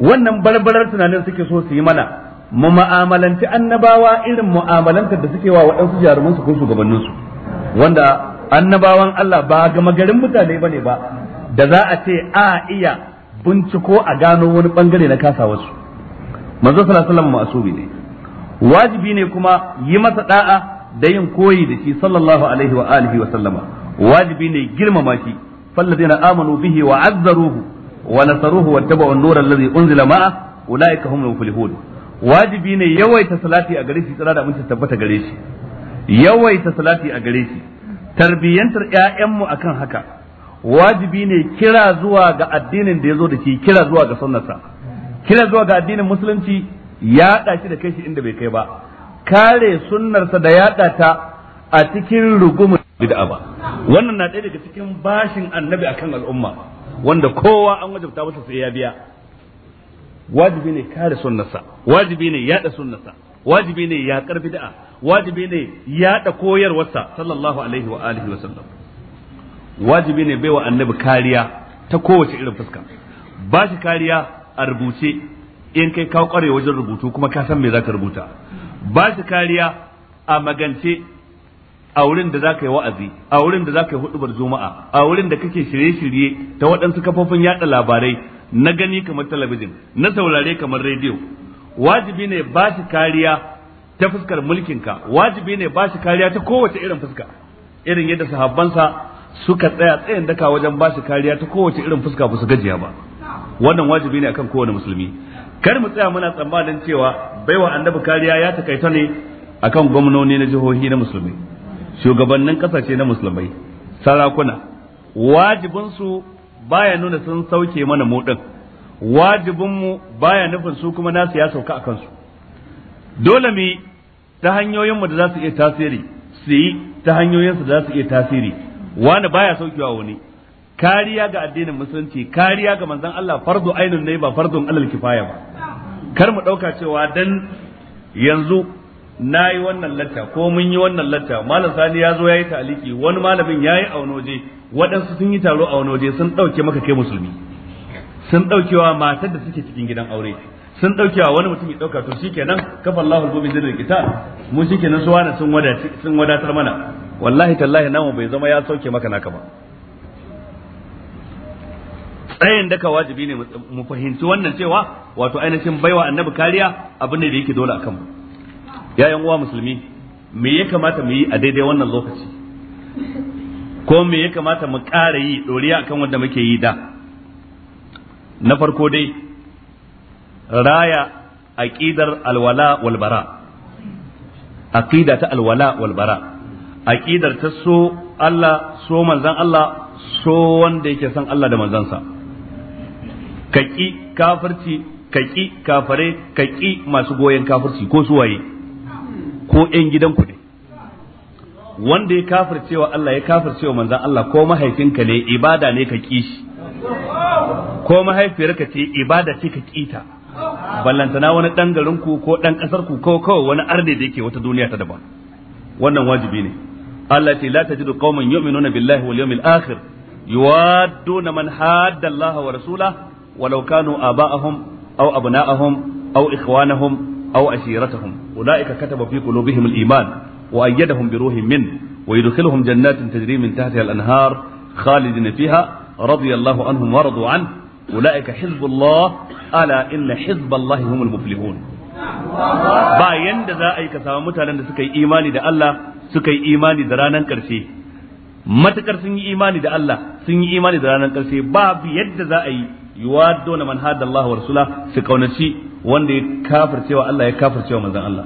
Speaker 1: wannan barbarar tunanin suke so su yi mana mu mu'amalanci annabawa irin mu'amalantar da suke wa waɗansu jaruman su ko shugabanninsu wanda annabawan Allah ba gama garin mutane ba ne ba da za a ce a iya binciko a gano wani bangare na kasa wasu manzo sallallahu alaihi wasallam ne wajibi ne kuma yi masa da'a da yin koyi da shi sallallahu alaihi wa alihi wa sallama wajibi ne girmama shi fallazina amanu bihi wa azzaruhu wa nasaruhu tabu an-nura alladhi unzila ma'a ulaika humul muflihun wajibi ne yawaita salati a gare shi tsara da mutunta tabbata gare shi yawaita salati a gare shi tarbiyantar ƴaƴanmu akan haka wajibi ne kira zuwa ga addinin da ya zo da shi kira zuwa ga sunnarsa kira zuwa ga addinin musulunci ya shi da kai shi inda bai kai ba kare sunnarsa da yaɗata ta a cikin rugum bid'a ba wannan na ɗaya daga cikin bashin annabi akan al'umma wanda kowa an wajabta masa sai ya biya wajibi ne kare sunnarsa wajibi ne yada sunnarsa wajibi ne ya karbi da'a wajibi ne yada koyarwarsa sallallahu alaihi wa alihi wa sallam wajibi ne baiwa annabi kariya ta kowace irin fuska ba shi kariya a rubuce in kai ka kware wajen rubutu kuma ka san me zaka rubuta ba shi kariya a magance a wurin da zaka yi wa'azi a wurin da zaka yi hudubar juma'a a wurin da kake shirye-shirye ta waɗansu kafofin yada labarai na gani kamar talabijin na saurare kamar rediyo wajibi ne ba shi kariya ta fuskar mulkinka wajibi ne ba shi kariya ta kowace irin fuska irin yadda sahabbansa suka tsaya tsayin daka wajen ba shi kariya ta kowace irin fuska ba su gajiya ba wannan wajibi ne akan kowane musulmi kar mu tsaya muna tsammanin cewa baiwa annabi kariya ya takaita ne akan gwamnoni na jihohi na musulmi shugabannin kasashe na musulmai sarakuna wajibinsu baya nuna sun sauke mana mu din wajibinmu baya nufin su kuma nasu ya sauka a kansu dole mu ta hanyoyinmu da za su iya tasiri su yi ta hanyoyinsu da za su iya tasiri wani baya saukewa wani kariya ga addinin musulunci kariya ga manzon Allah fardu ainun ne ba fardun alal kifaya ba kar mu dauka cewa dan yanzu na yi wannan latta ko mun yi wannan latta malam sani ya zo ya yi taliki wani malamin ya yi aunoje waje waɗansu sun yi taro aunoje waje sun ɗauke maka kai musulmi sun ɗaukewa matar da suke cikin gidan aure sun ɗaukewa wani mutum ya ɗauka to shi kenan kafa Allahul gobe zai rikita mu kenan su wani sun sun wadatar mana wallahi tallahi namu bai zama ya sauke maka naka ba tsayin daka wajibi ne mu fahimci wannan cewa wato ainihin baiwa annabi kariya abin ne da yake dole a kanmu. ya yan uwa musulmi me ya kamata mu yi a daidai wannan lokaci ko me ya kamata mu ƙara yi ɗoriya akan wanda muke yi da na farko dai raya aqidar alwala walbara aqida ta alwala walbara aqidar ta so Allah so manzan Allah so wanda yake son Allah da manzansa kaki kafirci kaki kafare kaki masu goyon kafirci ko suwaye ko 'yan gidanku ne wanda ya cewa Allah ya cewa manzan Allah ko mahaifinka ne ibada ne ka ki shi ko mahaifiyarka ce ibada ce ka kita ballantana wani ɗan garinku ko ɗan ƙasarku ko kawai wani arne da yake wata duniya ta daban wannan wajibi ne Allah ce la tajidu qauman yu'minuna billahi wal yawmil akhir yuwadduna man hadda Allah wa rasulahu walau kanu aba'ahum aw abna'ahum aw ikhwanahum أو عشيرتهم أولئك كتب في قلوبهم الإيمان وأيدهم بروح منه ويدخلهم جنات تجري من تحتها الأنهار خالدين فيها رضي الله عنهم ورضوا عنه أولئك حزب الله ألا إن حزب الله هم المفلحون ba yanda za a yi ka mutanen da suka yi imani da Allah suka yi imani da ranar ƙarshe matakar sun yi imani da Allah sun yi imani da ranar ƙarshe babu yadda za a yi yuwa dona man hada Allah wa rasula su kaunaci wanda ya cewa Allah ya cewa manzon Allah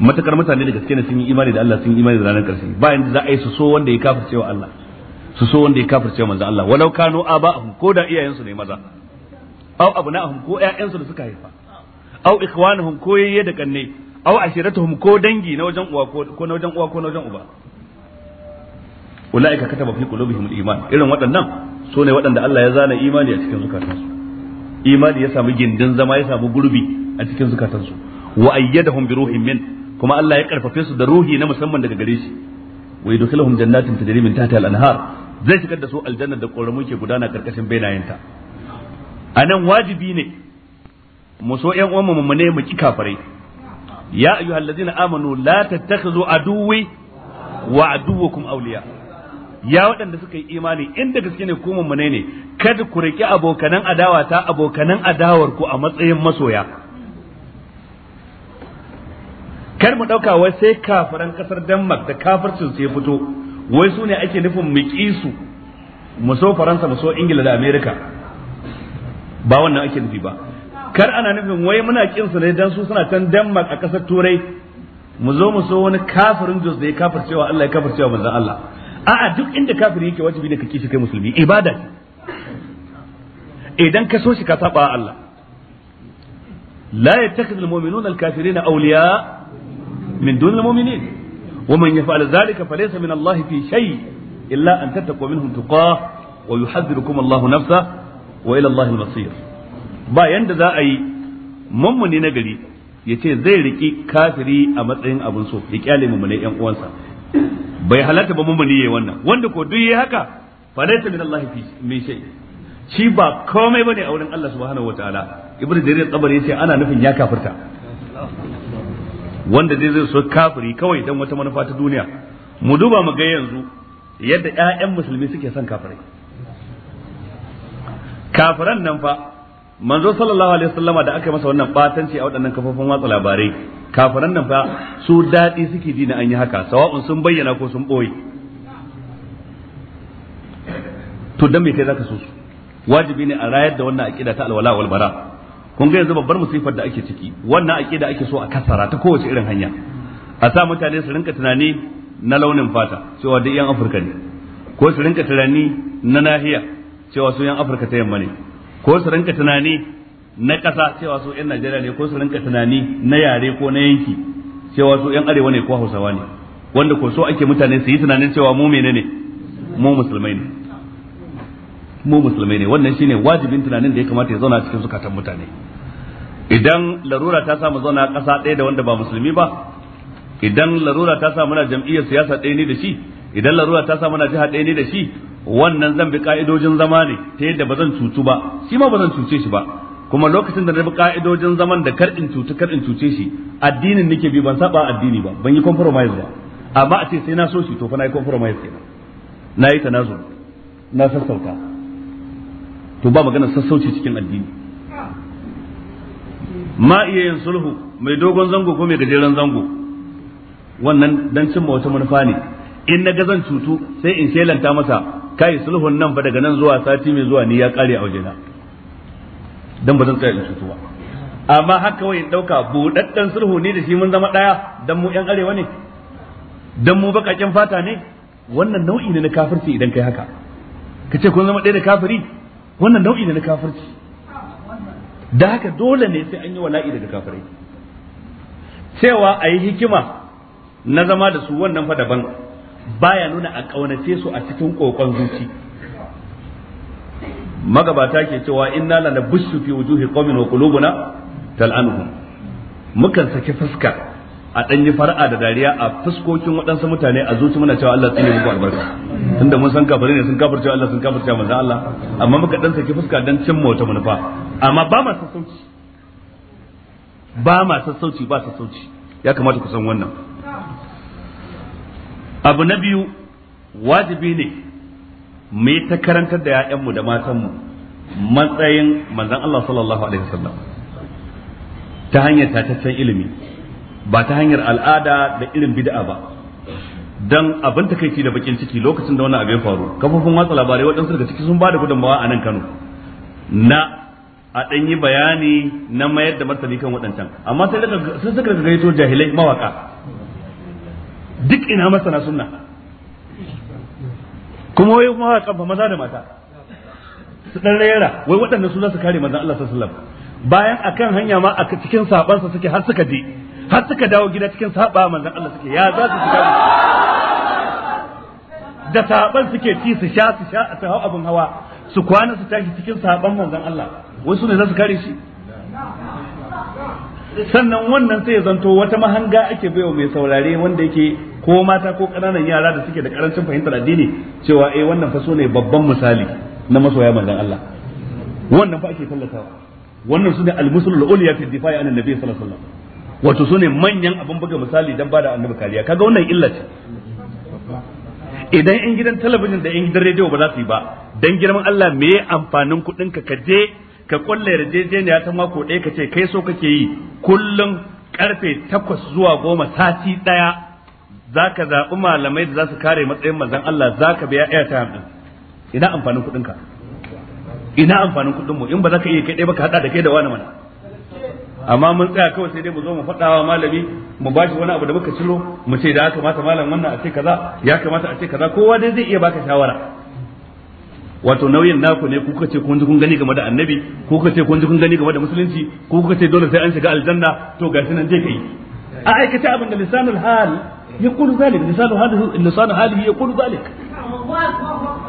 Speaker 1: matakar mutane da gaske ne sun yi imani da Allah sun yi imani da ranar karshe ba yanda za a yi su so wanda ya cewa Allah su so wanda ya cewa manzon Allah walau kanu aba'ahum ko da iyayensu ne maza aw abna'ahum ko ƴaƴansu da suka haifa aw ikhwanuhum ko yayye da kanne aw ashiratuhum ko dangi na wajen uwa ko na wajen uwa ko na wajen uba ulaika kataba fi qulubihim al-iman irin waɗannan sune waɗanda Allah ya zana imani a cikin zukatansu imani ya samu gindin zama ya samu gurbi a cikin zukatansu wa ayyadahum bi ruhin min kuma Allah ya karfafe su da ruhi na musamman daga gare shi wa yadkhuluhum jannatin tajri min tahtiha al-anhar zai shigar da su aljanna da koramu ke gudana karkashin bainayenta anan wajibi ne mu so ƴan uwan mu ne mu ki kafirai ya ayyuhallazina amanu la tattakhuzu aduwwi wa aduwwakum awliya ya waɗanda suka yi imani inda gaske ne kuma mummune ne kada ku riƙe abokanan adawa ta abokanan adawar ku a matsayin masoya kar mu ɗauka wai sai kafiran ƙasar Denmark da kafircin sai fito wai su ne ake nufin mu su mu so Faransa mu so Ingila da Amerika ba wannan ake nufi ba kar ana nufin wai muna kin su ne dan su suna can Denmark a ƙasar Turai mu zo mu so wani kafirin Jos da ya kafircewa Allah ya kafircewa manzon Allah a'a duk inda kafiri yake wajibi ne ka shi kai musulmi ibada idan ka so shi ka saba Allah la yattakhidhu almu'minuna alkafirina awliya min dun almu'minin wa man yaf'al dhalika falaysa min Allah fi shay illa an tattaqu minhum tuqah wa yuhadhdhirukum Allah nafsa wa ila Allah almasir ba yanda za a yi mummuni na gari ce zai riki kafiri a matsayin abun so ya kyale mummunai yan uwansa bai halarta ba mummuni yayi wannan wanda ko duk yayi haka laita min Allah fi min shay shi ba komai bane a wurin Allah subhanahu wataala ibnu jarir tabari yace ana nufin ya kafirta wanda zai zai so kafiri kawai dan wata manufa ta duniya mu duba mu ga yanzu yadda ƴaƴan musulmi suke son kafirai kafiran nan fa manzo sallallahu alaihi wasallama da aka masa wannan batanci a waɗannan kafofin watsa labarai kafiran nan fa su daɗi suke ji na an yi haka sawa'un sun bayyana ko sun ɓoye to dan me kai zaka so su wajibi ne a rayar da wannan aqida ta alwala wal bara kun ga yanzu babbar musifar da ake ciki wannan aqida ake so a kasara ta kowace irin hanya a sa mutane su rinka tunani na launin fata cewa duk yan afirka ne ko su rinka tunani na nahiya cewa su yan afirka ta yamma ne ko su rinka tunani na ƙasa cewa su 'yan Najeriya ne ko su rinka tunani na yare ko na yanki cewa su 'yan arewa ne ko hausawa ne wanda ko so ake mutane su yi tunanin cewa mu ne mu musulmai ne mu musulmai ne wannan shine wajibin tunanin da ya kamata ya zauna cikin zukatan mutane idan larura ta samu zauna ƙasa ɗaya da wanda ba musulmi ba idan larura ta samu na jam'iyyar siyasa ɗaya ne da shi idan larura ta sa mana jiha ɗaya ne da shi wannan zan bi ka'idojin zama ne ta yadda ba zan cutu ba shi ma ba zan cuce shi ba kuma lokacin da na bi ka'idojin zaman da kar in cutu kar in cuce shi addinin nake bi ban saba addini ba ban yi compromise ba amma a ce sai na so shi to fa na yi compromise kenan na yi tanazu na sassauta to ba magana sassauci cikin addini ma iya yin sulhu mai dogon zango ko mai gajeren zango wannan dan cimma wata manufa ne in na gazan zan cutu sai in shelanta masa kai sulhun nan fa daga nan zuwa sati mai zuwa ni ya kare a wajena dan ba zan tsaya in cutu ba amma haka wai in dauka budaddan sulhu ni da shi mun zama daya dan mu yan arewa ne dan mu bakakin fata ne wannan nau'i ne na kafirci idan kai haka kace kun zama daya da kafiri wannan nau'i ne na kafirci da haka dole ne sai an yi wala'i daga kafirai cewa a yi hikima na zama da su wannan fa daban baya nuna a kaunace su a cikin kokon zuci magabata ke cewa inna la bushu fi wujuhi qaumin wa qulubuna tal'anuhum mukan saki fuska a danyi yi far'a da dariya a fuskokin waɗansu mutane a zuci muna cewa Allah tsine muku albarka tunda mun san kafare ne sun cewa Allah sun cewa manzo Allah amma muka dan saki fuska dan cimma wata manufa amma ba ma sassauci ba ma sassauci ba sassauci ya kamata ku san wannan abu na biyu wajibi ne mu yi ta karantar da 'ya'yanmu da matanmu matsayin manzan Allah sallallahu alaihi wasallam ta hanyar tataccen ilimi ba ta hanyar al'ada da irin bid'a ba dan abin takaici da bakin ciki lokacin da wannan abin faru kafofin watsa labarai waɗansu daga ciki sun ba da gudunmawa a nan Kano na a ɗan yi bayani na mayar da martani kan waɗancan amma sai suka gaito jahilai mawaka duk ina masana sunna kuma wai kuma kamfa maza da mata su dan rayara wai waɗannan su za su kare manzon Allah sallallahu alaihi wasallam bayan akan hanya ma a cikin sa suke har suka je har suka dawo gida cikin saba manzon Allah suke ya za su shiga
Speaker 2: da saban suke
Speaker 1: ci su sha su sha su hau abin hawa su kwana su tashi cikin saban manzon Allah wasu ne za su kare shi sannan wannan sai ya zanto wata mahanga ake baiwa mai saurare wanda yake ko mata ko ƙananan yara da suke da ƙarancin fahimtar addini cewa eh wannan fa sune babban misali na masoya manzon Allah wannan fa ake tallatawa wannan sune al-musulul uliya fi difa'i an annabi sallallahu alaihi wasallam wato sune manyan abin buga misali dan bada annabi kariya kaga wannan illa ce idan yan gidan talabijin da yan gidan rediyo ba za su yi ba dan girman Allah me amfanin kudin ka ka je ka kulle yarjejeniya ta mako ɗaya ka ce kai so kake yi kullum karfe takwas zuwa goma sati ɗaya zaka zaɓi malamai da za su kare matsayin manzon Allah zaka biya ta din ina amfanin kuɗinka ina amfanin kuɗin mu in ba za ka iya kai ɗaya ba ka haɗa da kai da wani mana amma mun tsaya kawai sai dai mu zo mu faɗa wa malami mu ba shi wani abu da muka ciro mu ce da ya kamata malam wannan a ce kaza ya kamata a ce kaza kowa dai zai iya baka shawara wato nauyin naku ne kuka ce kun ji kun gani game da annabi kuka ce kun ji kun gani game da musulunci kuka ce dole sai an shiga aljanna to gashi nan je kai a aikata abin da lisanul hal يقول ذلك لسان هذه لسان هذه يقول ذلك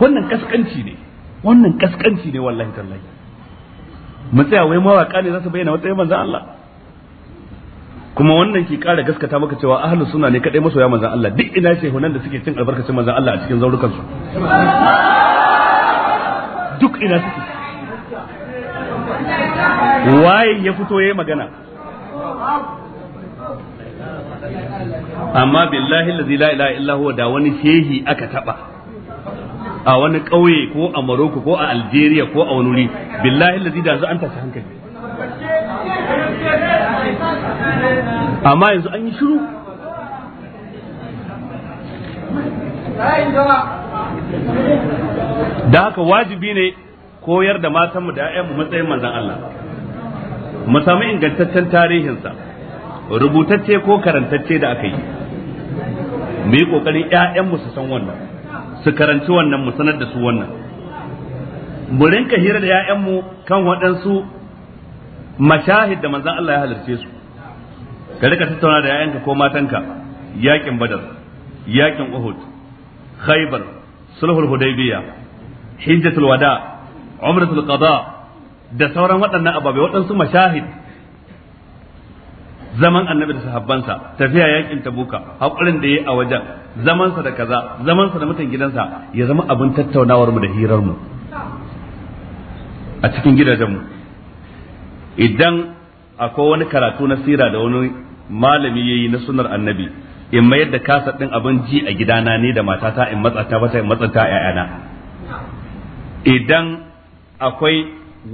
Speaker 1: wannan kaskanci ne wannan kaskanci ne wallahi tallahi mu tsaya wai mawaka ne za su bayyana matsayin manzon Allah kuma wannan ke ƙara gaskata maka cewa ahlus sunna ne kadai masoya manzon Allah duk ina hunan da suke cin albarkacin manzon Allah a cikin zaurukan su duk ina suke waye ya fito yayin magana amma billahi lazi la ilaha illa huwa da wani shehi aka taba a wani ƙauye ko a Maroko ko a Algeria ko a wani wuri billahi lazi da zu an tashi hankali amma yanzu an yi shiru da haka wajibi ne koyar da matanmu da 'ya'yanmu matsayin manzan Allah mu samu ingantaccen tarihinsa rubutacce ko karantacce da aka yi mu yi kokarin ƴaƴanmu su san wannan su karanci wannan mu sanar da su wannan mu rinka hira da ƴaƴanmu kan waɗansu mashahid da manzon Allah ya halarce su ka rika tattauna da ƴaƴanka ko matanka yakin badar yakin uhud khaybar sulhul hudaybiyah hijjatul wada umratul qada da sauran waɗannan ababai waɗansu mashahid zaman annabi da sahabbansa tafiya yakin tabuka hakurin da yayi a wajen zamansa da kaza zamansa da mutan gidansa ya zama abin tattaunawar mu da hirar mu a cikin gidajen mu idan akwai wani karatu na sira da wani malami yayi na sunnar annabi in mayar da kasa din abin ji a gidana ne da matata in matsata bata in matsata ƴaƴana idan akwai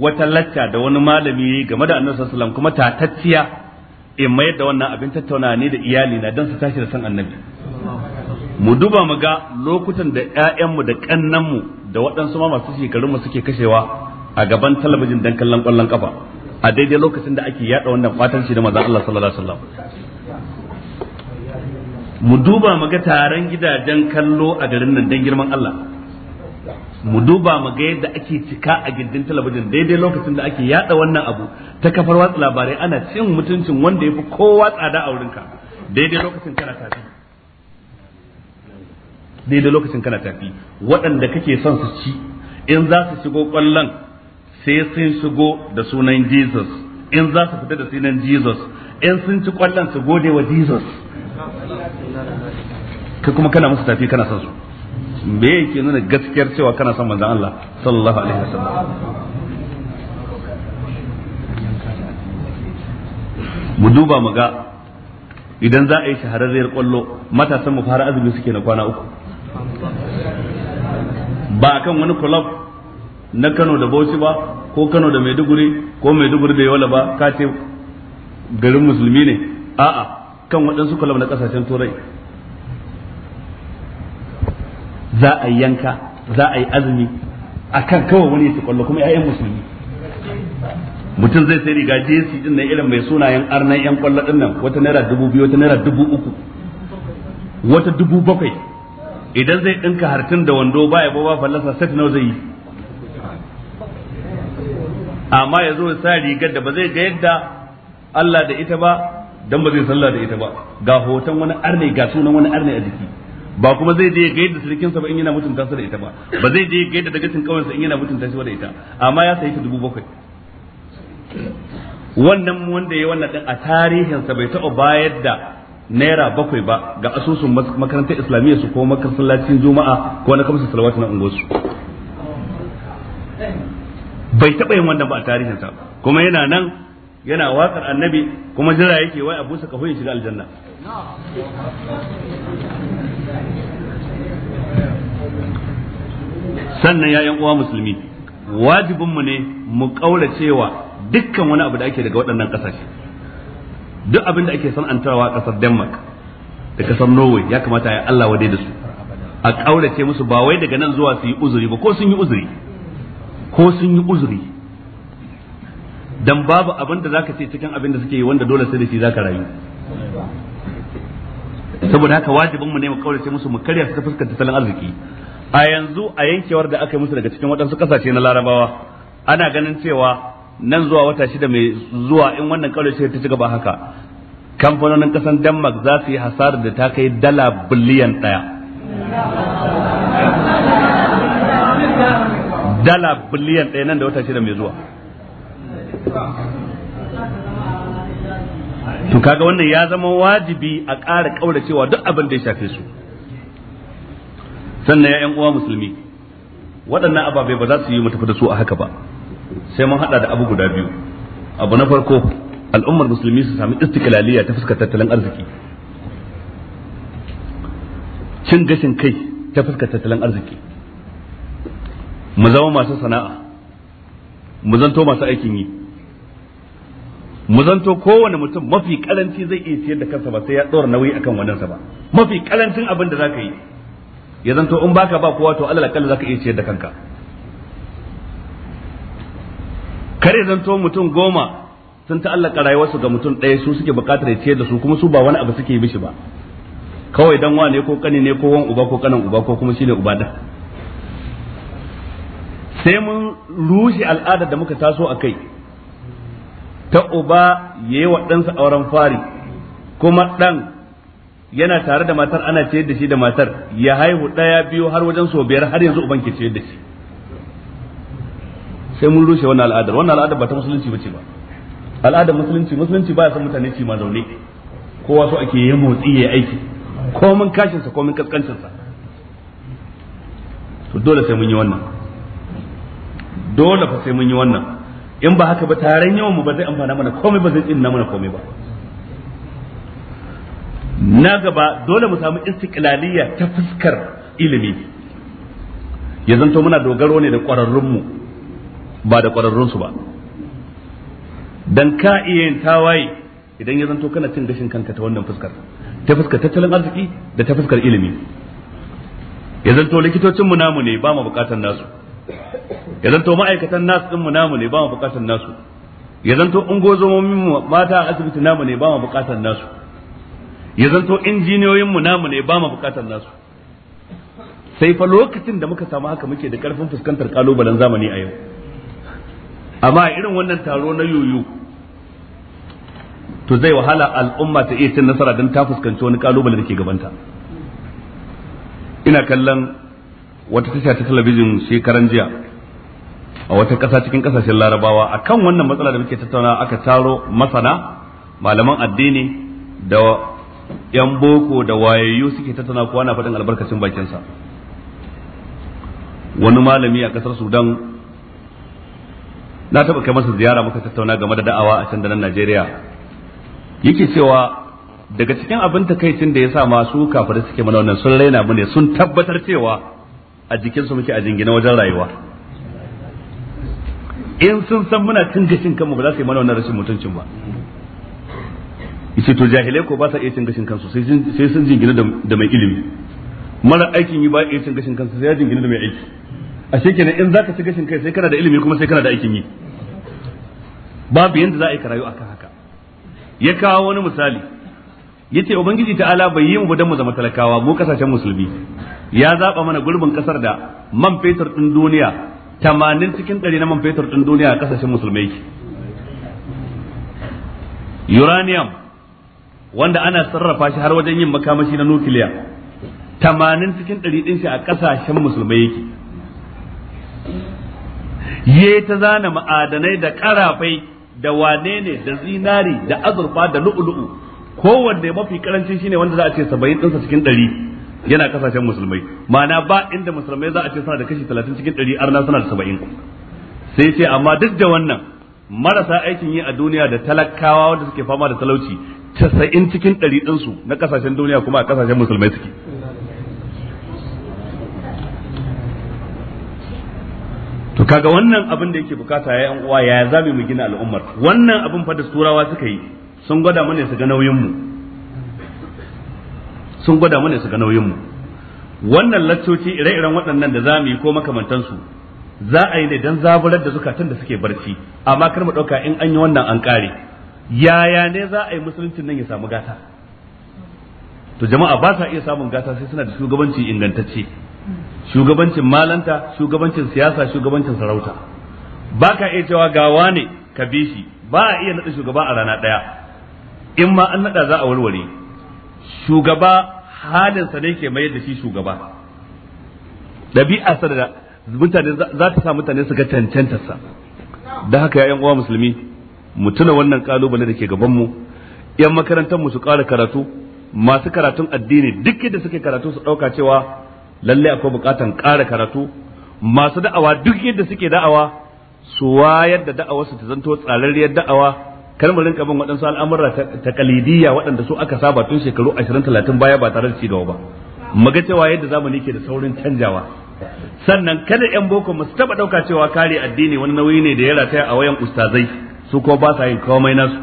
Speaker 1: wata lacca da wani malami game da annabi sallallahu alaihi wasallam kuma tatacciya in mayar da wannan abin tattauna ne da iyali na don su tashi da san annabi mu duba mu ga lokutan da ƴaƴanmu da ƙannanmu da waɗansu ma masu mu suke kashewa a gaban talabijin dan kallon ƙwallon kafa a daidai lokacin da ake yada wannan fatan shi da manzon Allah sallallahu alaihi wasallam mu duba mu ga taron gidajen kallo a garin nan dan girman Allah mu duba mu ga yadda ake cika a gindin talabijin daidai lokacin da ake yada wannan abu ta kafar watsa labarai ana cin mutuncin wanda ya fi kowa tsada a wurinka daidai lokacin kana tafi daidai lokacin kana tafi waɗanda kake son su ci in za su shigo kwallon sai sun shigo da sunan jesus in za su fita da sunan jesus in sun ci kwallon su gode wa jesus ka kuma kana musu tafi kana son su me yake nuna gaskiyar cewa kana son manzon Allah sallallahu alaihi wasallam mu duba mu ga idan za a yi shahararriyar kwallo matasan mu fara azumi suke na kwana uku ba kan wani club na Kano da Bauchi ba ko Kano da Maiduguri ko Maiduguri da Yola ba ka ce garin musulmi ne a'a kan waɗansu club na ƙasashen turai za a yi yanka za a yi azumi a kan kawai wani ya kwallo kuma 'ya'yan musulmi mutum zai sai riga jesi din nan irin mai sunayen arnan yan kwallo din nan wata naira dubu biyu wata naira dubu uku wata dubu bakwai idan zai dinka hartun da wando ba ya ba fallasa set nawa zai yi amma ya zo sa rigar da ba zai ga yadda Allah da ita ba dan ba zai sallah da ita ba ga hoton wani arne ga sunan wani arne a jiki ba kuma zai je gaida sirkin sa ba in yana mutunta sa da ita ba ba zai je gaida cikin kauyen sa in yana mutunta shi da ita amma ya sayi ta dubu bakwai wannan wanda ya wannan din a tarihin sa bai taɓa bayar da naira bakwai ba ga asusun makarantar islamiyya su ko masallacin juma'a ko na kamsa salawatu na unguwarsu bai taɓa yin wannan ba a tarihin sa kuma yana nan yana wakar annabi kuma jira yake wai abu sa kafa shiga aljanna sannan ya'yan uwa musulmi wajibinmu ne mu kaula cewa dukkan wani abu da ake daga waɗannan ƙasashe duk abin da ake san'antarwa a ƙasar denmark da ƙasar norway ya kamata ya allah wadai da su a ƙaurace musu ba wai daga nan zuwa su yi uzuri ba ko sun yi uzuri ko sun yi uzuri dan babu abin da zaka ce cikin abin da suke yi wanda dole sai da shi zaka rayu saboda haka wajibin mu ne mu kaurace musu mu karya su ta fuskar tattalin arziki a yanzu a yankewar da aka yi musu daga cikin waɗansu ƙasashe na larabawa ana ganin cewa nan zuwa wata shida mai zuwa in wannan kaurace ta ci gaba haka kamfanonin ƙasar denmark za su yi hasarar da ta kai dala biliyan ɗaya dala biliyan ɗaya nan da wata shida mai zuwa to kaga wannan ya zama wajibi a ƙara cewa duk abin da ya shafe su sannan ya yan uwa musulmi waɗannan ababai ba za su yi matafi da su a haka ba sai mun haɗa da abu guda biyu abu na farko al'ummar musulmi su sami istiklaliya ta fuskar tattalin arziki cin gashin kai ta fuskar tattalin arziki mu zama masu sana'a mu zanto masu aikin yi mu zanto kowane mutum mafi karanci zai iya ciyar da kansa ba sai ya ɗora nauyi akan sa ba mafi karancin abin da zaka yi ya zanto in baka ba kowa to Allah kalla zaka iya ciyar da kanka kare zanto mutum goma sun ta'allaka rayuwarsu ga mutum ɗaya su suke buƙatar ya ciyar da su kuma su ba wani abu suke yi mishi ba kawai dan wane ko kani ne ko wan uba ko kanan uba ko kuma shine uba da sai mun rushe al'ada da muka taso a kai ta uba ya yi wa ɗansa auren fari kuma ɗan yana tare da matar ana ciyar da shi da matar ya haihu ɗaya biyu har wajen so biyar har yanzu uban ke ciyar da shi sai mun rushe wannan al'adar wannan al'adar ba ta musulunci ba ba al'adar musulunci musulunci ba ya san mutane ci ma zaune kowa so ake yi motsi ya aiki komin kashinsa komin kaskancinsa to dole sai mun yi wannan dole fa sai mun yi wannan in ba haka ba taron yawan mu ba zai amfana mana komai ba zai tsinna mana komai ba na gaba dole mu samu istiklaliya ta fuskar ilimi ya zanto muna dogaro ne da mu ba da su ba dan ka iya yin tawaye idan ya zanto kana cin gashin kanka ta wannan fuskar ta fuskar tattalin arziki da ta fuskar ilimi ya zanto likitocinmu namu ne ba mu bukatar nasu ya zanto ma'aikatan nasu din mu namu ne ba mu nasu ya zanto ungozomomin mu mata a asibiti namu ne ba mu nasu ya zanto injiniyoyin mu namu ne ba mu nasu sai fa lokacin da muka samu haka muke da karfin fuskantar kalubalen zamani a yau amma irin wannan taro na yoyo to zai wahala al'umma ta iya cin nasara don ta fuskanci wani kalubale da ke gabanta ina kallon wata tasha ta talabijin shekaran jiya a wata ƙasa cikin ƙasashen larabawa a kan wannan matsala da muke tattauna aka taro masana malaman addini da yan boko da wayayyu suke tattauna kowa na faɗin albarkacin bakinsa wani malami a ƙasar sudan na taɓa kai masa ziyara muka tattauna game da da'awa a can da nan najeriya yake cewa daga cikin abin takaicin da ya sa masu kafirai suke mana wannan sun raina mu ne sun tabbatar cewa a jikinsu muke a jingina wajen rayuwa in sun san muna cin gashin kanmu ba za su yi mana wannan rashin mutuncin ba yace to jahilai ko ba sa iya cin gashin kansu sai sun jingina da mai ilimi mara aikin yi ba iya cin gashin kansu sai ya jingina da mai aiki a shekene in zaka ci gashin kai sai kana da ilimi kuma sai kana da aikin yi babu yanda za a yi karayu akan haka ya kawo wani misali yace ubangiji ta'ala bai yi mu dan mu zama talakawa mu kasashen musulmi ya zaba mana gurbin kasar da man fetur din duniya tamanin cikin dari na man fetur din duniya a kasashen musulmai ke uranium wanda ana sarrafa shi har wajen yin makamashi na nukiliya tamanin cikin dari din shi a kasashen musulmai yake ye ta zana ma'adanai da ƙarafai da wane ne da zinari da azurfa da lu'ulu'u kowanne mafi karancin shine wanda za a ce 70 ɗinsa cikin dari. yana kasashen musulmai ma'ana ba inda musulmai za a ce suna da kashi 30 cikin 100 arna suna da 70 sai ce amma duk da wannan marasa aikin yi a duniya da talakawa wanda suke fama da talauci 90 cikin 100 din na kasashen duniya kuma a kasashen musulmai suke to kaga wannan abin da yake bukata ya yan uwa ya zamu mu gina al'ummar wannan abin fa da turawa suka yi sun gwada mana su ga nauyin mu sun gwada mana su ga nauyin mu wannan laccoci ire-iren waɗannan da za mu yi ko makamantansu za a yi ne don zaburar da zukatan da suke barci amma kar mu ɗauka in an yi wannan an ƙare yaya ne za a yi musuluncin nan ya samu gata to jama'a ba sa iya samun gata sai suna da shugabanci ingantacce shugabancin malanta shugabancin siyasa shugabancin sarauta ba ka iya cewa gawa ne ka bi shi ba a iya naɗa shugaba a rana ɗaya in ma an naɗa za a warware shugaba halinsa ne ke mayar da shi shugaba ɗabi'arsa da mutane za ta sa mutane su ga cancantarsa da haka ya uwa musulmi mu tuna wannan kalubale da ke gabanmu yan makarantar mu su ƙara karatu masu karatun addini duk yadda suke karatu su ɗauka cewa lalle akwai buƙatan ƙara karatu masu da'awa duk yadda suke da'awa su wayar da da'awarsu ta zanto tsararriyar da'awa kar mu rinka waɗansu al'amura ta kalidiyya waɗanda su aka saba tun shekaru 20 30 baya ba tare da cigaba ba mu ga cewa yadda zamani ke da saurin canjawa sannan kada yan boko mu taba dauka cewa kare addini wani nauyi ne da ya rataya a wayan ustazai su ko ba sa yin komai nasu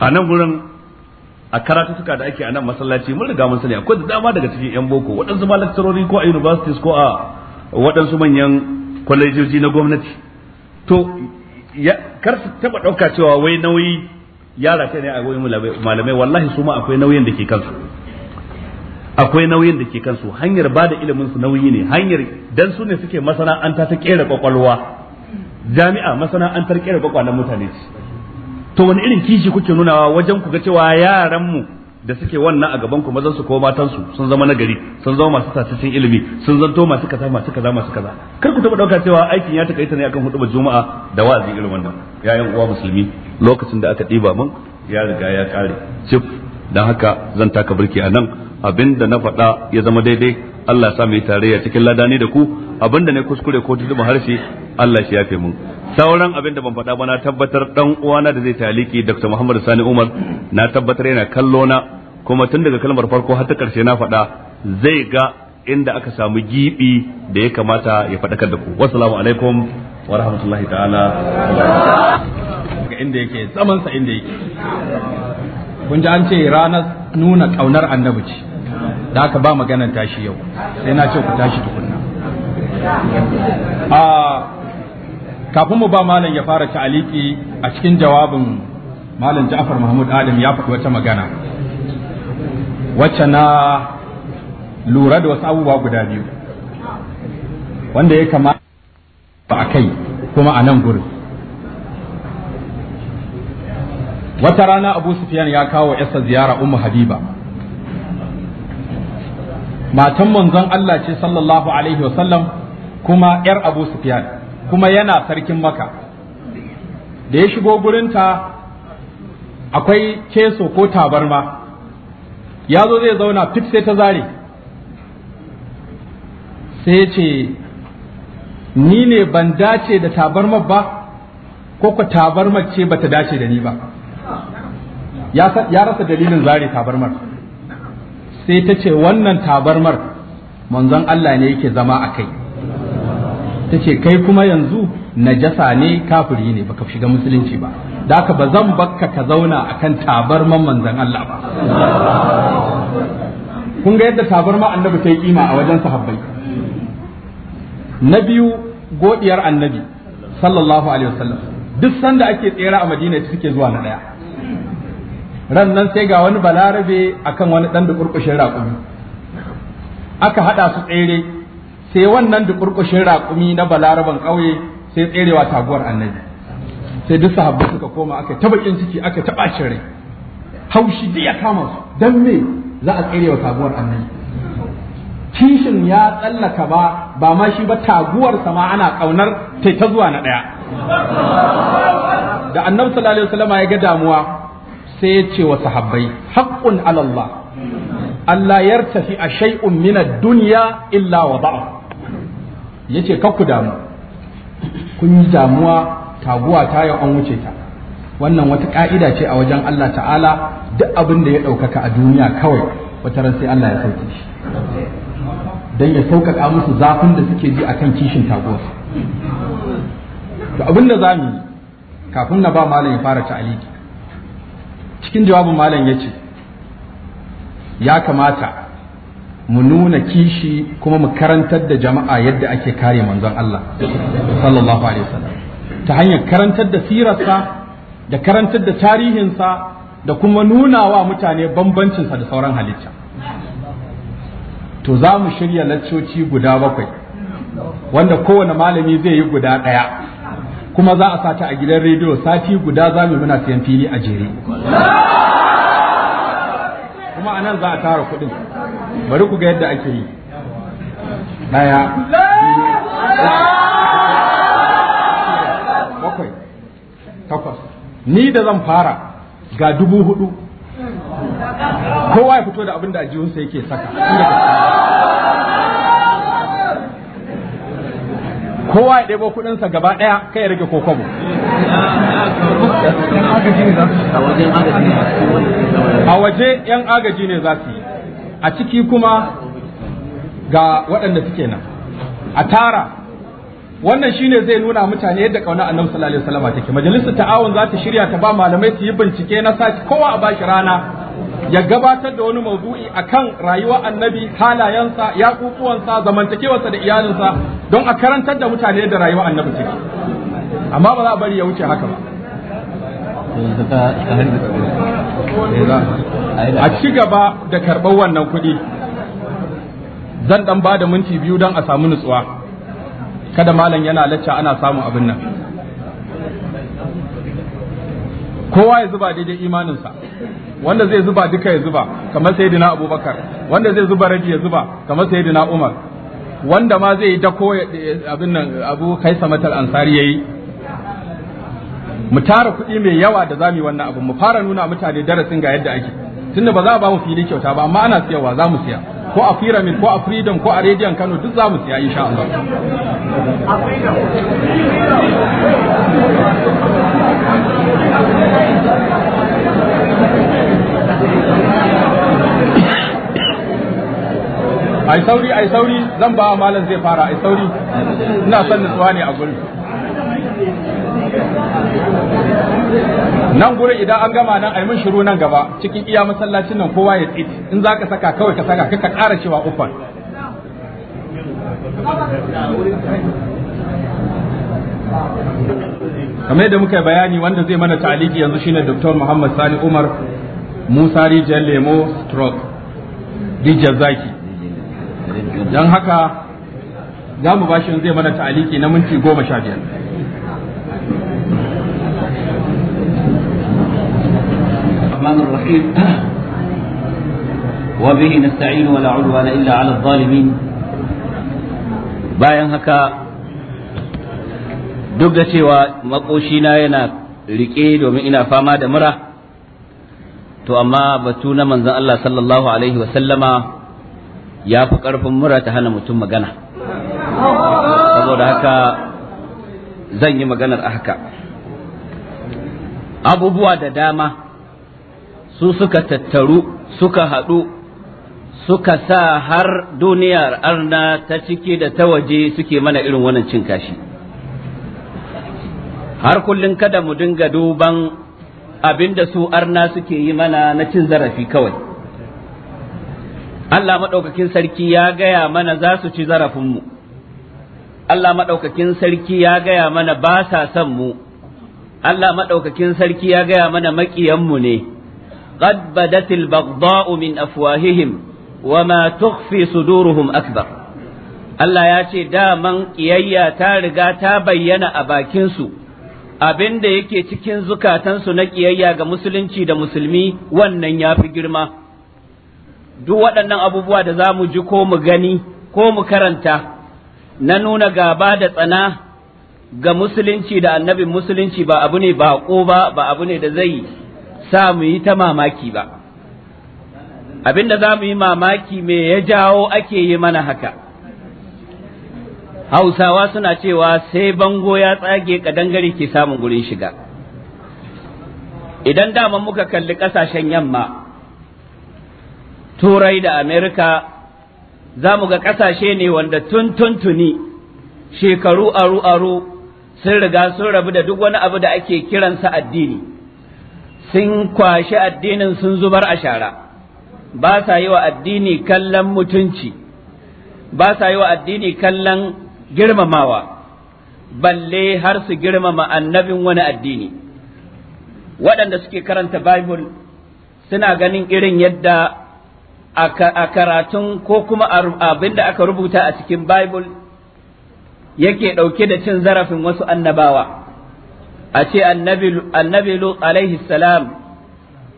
Speaker 1: a nan gurin a karatu suka da ake a nan masallaci mun riga mun sani akwai da dama daga cikin yan boko waɗansu ma lecturori ko a universities ko a waɗansu manyan kwalejoji na gwamnati to kar su taba ɗauka cewa wai nauyi yara ta ne a goyi malamai wallahi su ma akwai nauyin da ke kansu akwai nauyin da ke kansu hanyar ba da ilimin su nauyi ne hanyar dan su ne suke masana'anta ta kera kwakwalwa jami'a masana'antar kera kwakwalwa mutane to wani irin kishi kuke nunawa wajen ku ga cewa yaran mu da suke wannan a gaban ku mazan su ko matan su sun zama nagari sun zama masu sasacin ilimi sun zanto masu kaza masu kaza masu kaza kar ku taba dauka cewa aikin ya takaita ne akan hudubar juma'a da wa'azi irin wannan yayin uwa musulmi lokacin da aka diba mun ya riga ya kare cif dan haka zan taka burki a nan abinda na faɗa ya zama daidai Allah ya sa mu yi tarayya cikin ladani da ku abinda ne kuskure ko har harshe Allah shi yafe mu sauran abin da ban faɗa ba na tabbatar dan uwana da zai taliki Dr. Muhammad Sani Umar na tabbatar yana kallo na kuma tun daga kalmar farko har ta karshe na faɗa zai ga inda aka samu gibi da ya kamata ya faɗakar da ku wassalamu alaikum wa rahmatullahi ta'ala ga inda yake zaman sa inda yake
Speaker 3: kun ji an ce ranar nuna kaunar annabi ce da aka ba maganar tashi yau sai na ce ku tashi tukunna ah, kafin mu ba malam ya fara ta'aliki a cikin jawabin malam Ja'far Mahmud Adam ya faɗi wata magana wacce na lura da wasu abubuwa guda biyu wanda ya kama ba a kai kuma a nan gurin wata rana Abu Sufiyan ya kawo yasa ziyara Ummu Habiba matan manzon Allah ce sallallahu alaihi wasallam kuma yar Abu Sufyan kuma yana sarkin maka da ya shigo gurinta akwai keso ko tabarma ya zo zai zauna fit sai ta zare sai ce ni ne ban dace da tabarma ba ko ku tabarmar ce ba ta dace da ni ba ya rasa dalilin zare tabarmar sai ta ce wannan tabarmar manzon Allah ne yake zama a kai ta ce kai kuma yanzu najasa ne kafiri ne baka shiga musulunci ba da haka ba zan bakka ka zauna akan tabarman manzan Allah ba
Speaker 2: kun ga yadda tabarma annabi ta yi kima a wajen sahabbai
Speaker 3: na biyu godiyar annabi sallallahu alaihi wasallam duk sanda ake tsere a madina ita suke zuwa na daya ran nan sai ga wani balarabe akan wani dan da kurkushin raƙumi aka hada su tsere sai wannan da dukurkushin raƙumi na balaraban ƙauye sai tserewa taguwar annabi sai duk sahabbai suka koma aka taba kin ciki aka taba bacin rai haushi duk ya kama su dan me za a tserewa taguwar annabi kishin ya tsallaka ba ba ma shi ba taguwar sama ana kaunar tai ta zuwa na daya da annabi sallallahu alaihi wasallam ya ga damuwa sai ya ce wa sahabbai haqqun ala Allah Allah yartafi a shay'un min ad-dunya illa wada'a ya ce ku damu kun yi damuwa taguwa ta yau an wuce ta wannan wata ka'ida ce a wajen Allah ta'ala duk abin da ya ɗaukaka a duniya kawai wata ran Allah ya sauke shi
Speaker 2: don ya sauƙaƙa musu
Speaker 3: zafin da suke ji a kan kishin taguwarsu. to abin da za mu yi kafin na ba malam ya fara aliki cikin jawabin malam ya ce ya kamata mu nuna kishi kuma mu karantar da jama'a yadda ake kare manzon Allah sallallahu alaihi wasallam ta hanyar karantar da sirarsa da karantar da tarihinsa da kuma nuna wa mutane bambancinsa da sauran halitta to za mu shirya laccoci guda bakwai wanda kowane malami zai yi guda ɗaya kuma za a sata a gidan rediyo sati guda za mu muna siyan fili a jere
Speaker 2: kuma anan za a tara
Speaker 3: kuɗin bari ku ga yadda ake yi
Speaker 2: daya bakwai
Speaker 3: takwas ni da zan fara ga dubu hudu kowa ya fito da abin da ajiyunsa yake saka kowa ya ɗebo kuɗinsa gaba ɗaya kai ya rage kokobo. A waje ‘yan agaji ne za su yi. a ciki kuma ga waɗanda suke nan a tara wannan shine zai nuna mutane yadda kauna annabi sallallahu alaihi wasallam take majalisar ta'awun za ta shirya ta ba malamai su yi bincike na sati kowa a bashi rana ya gabatar da wani mawdu'i akan rayuwar annabi halayensa yakukuwansa zamantakewarsa da iyalinsa don a karantar da mutane da rayuwar annabi take amma ba za a bari ya wuce haka ba a ci gaba da karɓar wannan kuɗi zan ɗan ba da minti biyu don a samu nutsuwa kada malam yana lacca ana samun abin nan kowa ya zuba daidai imaninsa wanda zai zuba duka ya zuba kamar dina abubakar wanda zai zuba raji ya zuba kamar dina umar wanda ma zai yi dako abin nan abu kai samatar ansari yayi mu tara kuɗi mai yawa da zamu yi wannan abin mu fara nuna mutane darasin ga yadda ake tunda ba za a ba mu fili kyauta ba amma ana siyarwa za mu siya ko a pyramid ko a freedom ko a radiant kano duk za mu siya insha Allah ai sauri ai sauri zan ba malam zai fara ai sauri ina son nutsuwa ne a gurin nan gure idan an gama nan ai mun shiru nan gaba cikin iya masallacin nan kowa ya tsit in za ka saka kawai ka saka ka ƙara cewa ufan
Speaker 2: kamar yadda muka bayani
Speaker 3: wanda zai mana taliki yanzu shine Dr. Muhammad Sani Umar Musa Rijal Lemo Stroke Rijiyar Zaki don haka za mu bashi zai mana taliki na minti goma sha biyar
Speaker 4: الرحمن الرحيم وبه نستعين ولا عدوان إلا على الظالمين bayan haka duk da cewa makoshina yana rike domin ina fama da mura to amma batu na manzon Allah sallallahu alaihi wasallama ya fi ƙarfin mura ta hana mutum magana saboda haka zan yi maganar a haka abubuwa da dama su suka tattaru suka haɗu suka sa har duniyar arna ta cike da ta waje suke mana irin wannan cin kashi har kullum kada mu dinga duban abinda su arna suke yi mana na cin zarafi kawai Allah maɗaukakin sarki ya gaya mana za su ci zarafinmu Allah maɗaukakin sarki ya gaya mana ba sa son mu Allah maɗaukakin sarki ya gaya mana maƙiyanmu ne قد بدت البغضاء من أفواههم وما تخفي صدورهم أكبر Allah ya ce daman ƙiyayya ta riga ta bayyana a bakinsu abin da yake cikin zukatansu na ƙiyayya ga musulunci da musulmi wannan ya fi girma duk waɗannan abubuwa da za mu ji ko mu gani ko mu karanta na nuna gaba da tsana ga musulunci da annabin musulunci ba abu ne baƙo ba ba abu ne da zai sa mu yi ta mamaki ba abinda za mu yi mamaki me ya jawo ake yi mana haka hausawa suna cewa sai bango ya tsage kadangare ke samun gurin shiga idan dama muka kalli kasashen yamma turai da amerika za mu ga kasashe ne wanda tun tuntuni shekaru aru aru sun riga sun rabu da duk wani abu da ake kiransa addini sun kwashi addinin sun zubar a shara ba sa yi wa addini kallon mutunci ba sa yi wa addini kallon girmamawa balle har su girmama annabin wani addini waɗanda suke karanta bible suna ganin irin yadda a karatun ko kuma abin da aka rubuta a cikin bible yake ɗauke da cin zarafin wasu annabawa a ce annabi lut alaihi salam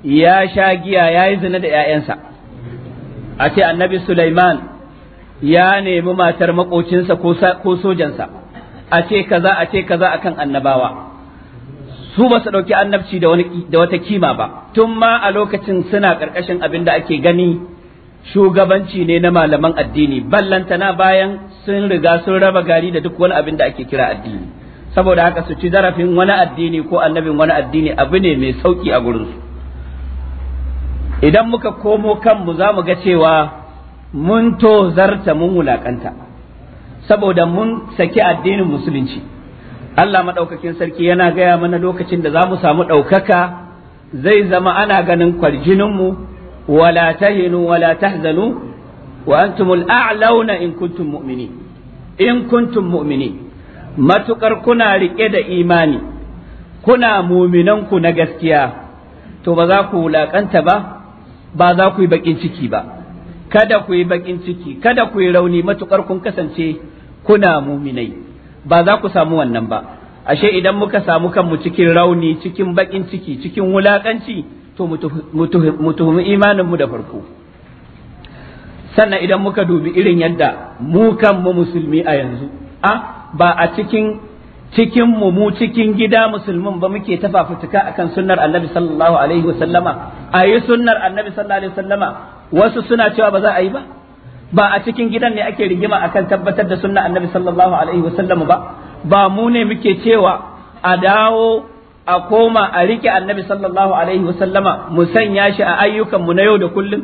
Speaker 4: ya sha giya ya yi zina da ‘ya'yansa a ce annabi Sulaiman ya nemi matar makocinsa ko sojansa a ce kaza a ce kaza akan annabawa su ba ɗauki annabci da wata kima ba tun ma a lokacin suna ƙarƙashin abin da ake gani shugabanci ne na malaman addini ballantana bayan sun riga sun raba gari da duk wani abin da ake kira addini saboda haka su ci zarafin wani addini ko annabin wani addini abu ne mai sauki a gurinsu idan muka komo kanmu za mu ga cewa mun to mun wulakanta saboda mun saki addinin musulunci Allah maɗaukakin sarki yana gaya mana lokacin da za mu samu ɗaukaka zai zama ana ganin kwarjininmu wala tahinu wala tahzanu wa antumul a'launa in kuntum mu'mini in kuntum mu'mini matukar kuna riƙe da imani kuna muminanku na gaskiya to ba za ku wulaƙanta ba ba za ku yi baƙin ciki ba kada ku yi baƙin ciki kada ku yi rauni matukar kun kasance kuna muminai ba za ku samu wannan ba ashe idan muka samu kanmu cikin rauni cikin baƙin ciki cikin wulaƙanci to mu tuhumi imaninmu da farko sannan idan muka dubi irin yadda mu kanmu musulmi a yanzu a ba a cikin cikin mu mu cikin gida musulmin ba muke ta fafutuka akan sunnar annabi sallallahu alaihi wasallama a yi sunnar annabi sallallahu alaihi wasallama wasu suna cewa ba za a yi ba ba a cikin gidan ne ake rigima akan tabbatar da sunnar annabi sallallahu alaihi wasallama ba ba mu ne muke cewa a dawo a koma a rike annabi sallallahu alaihi wasallama mu sanya shi a ayyukan mu na yau da kullum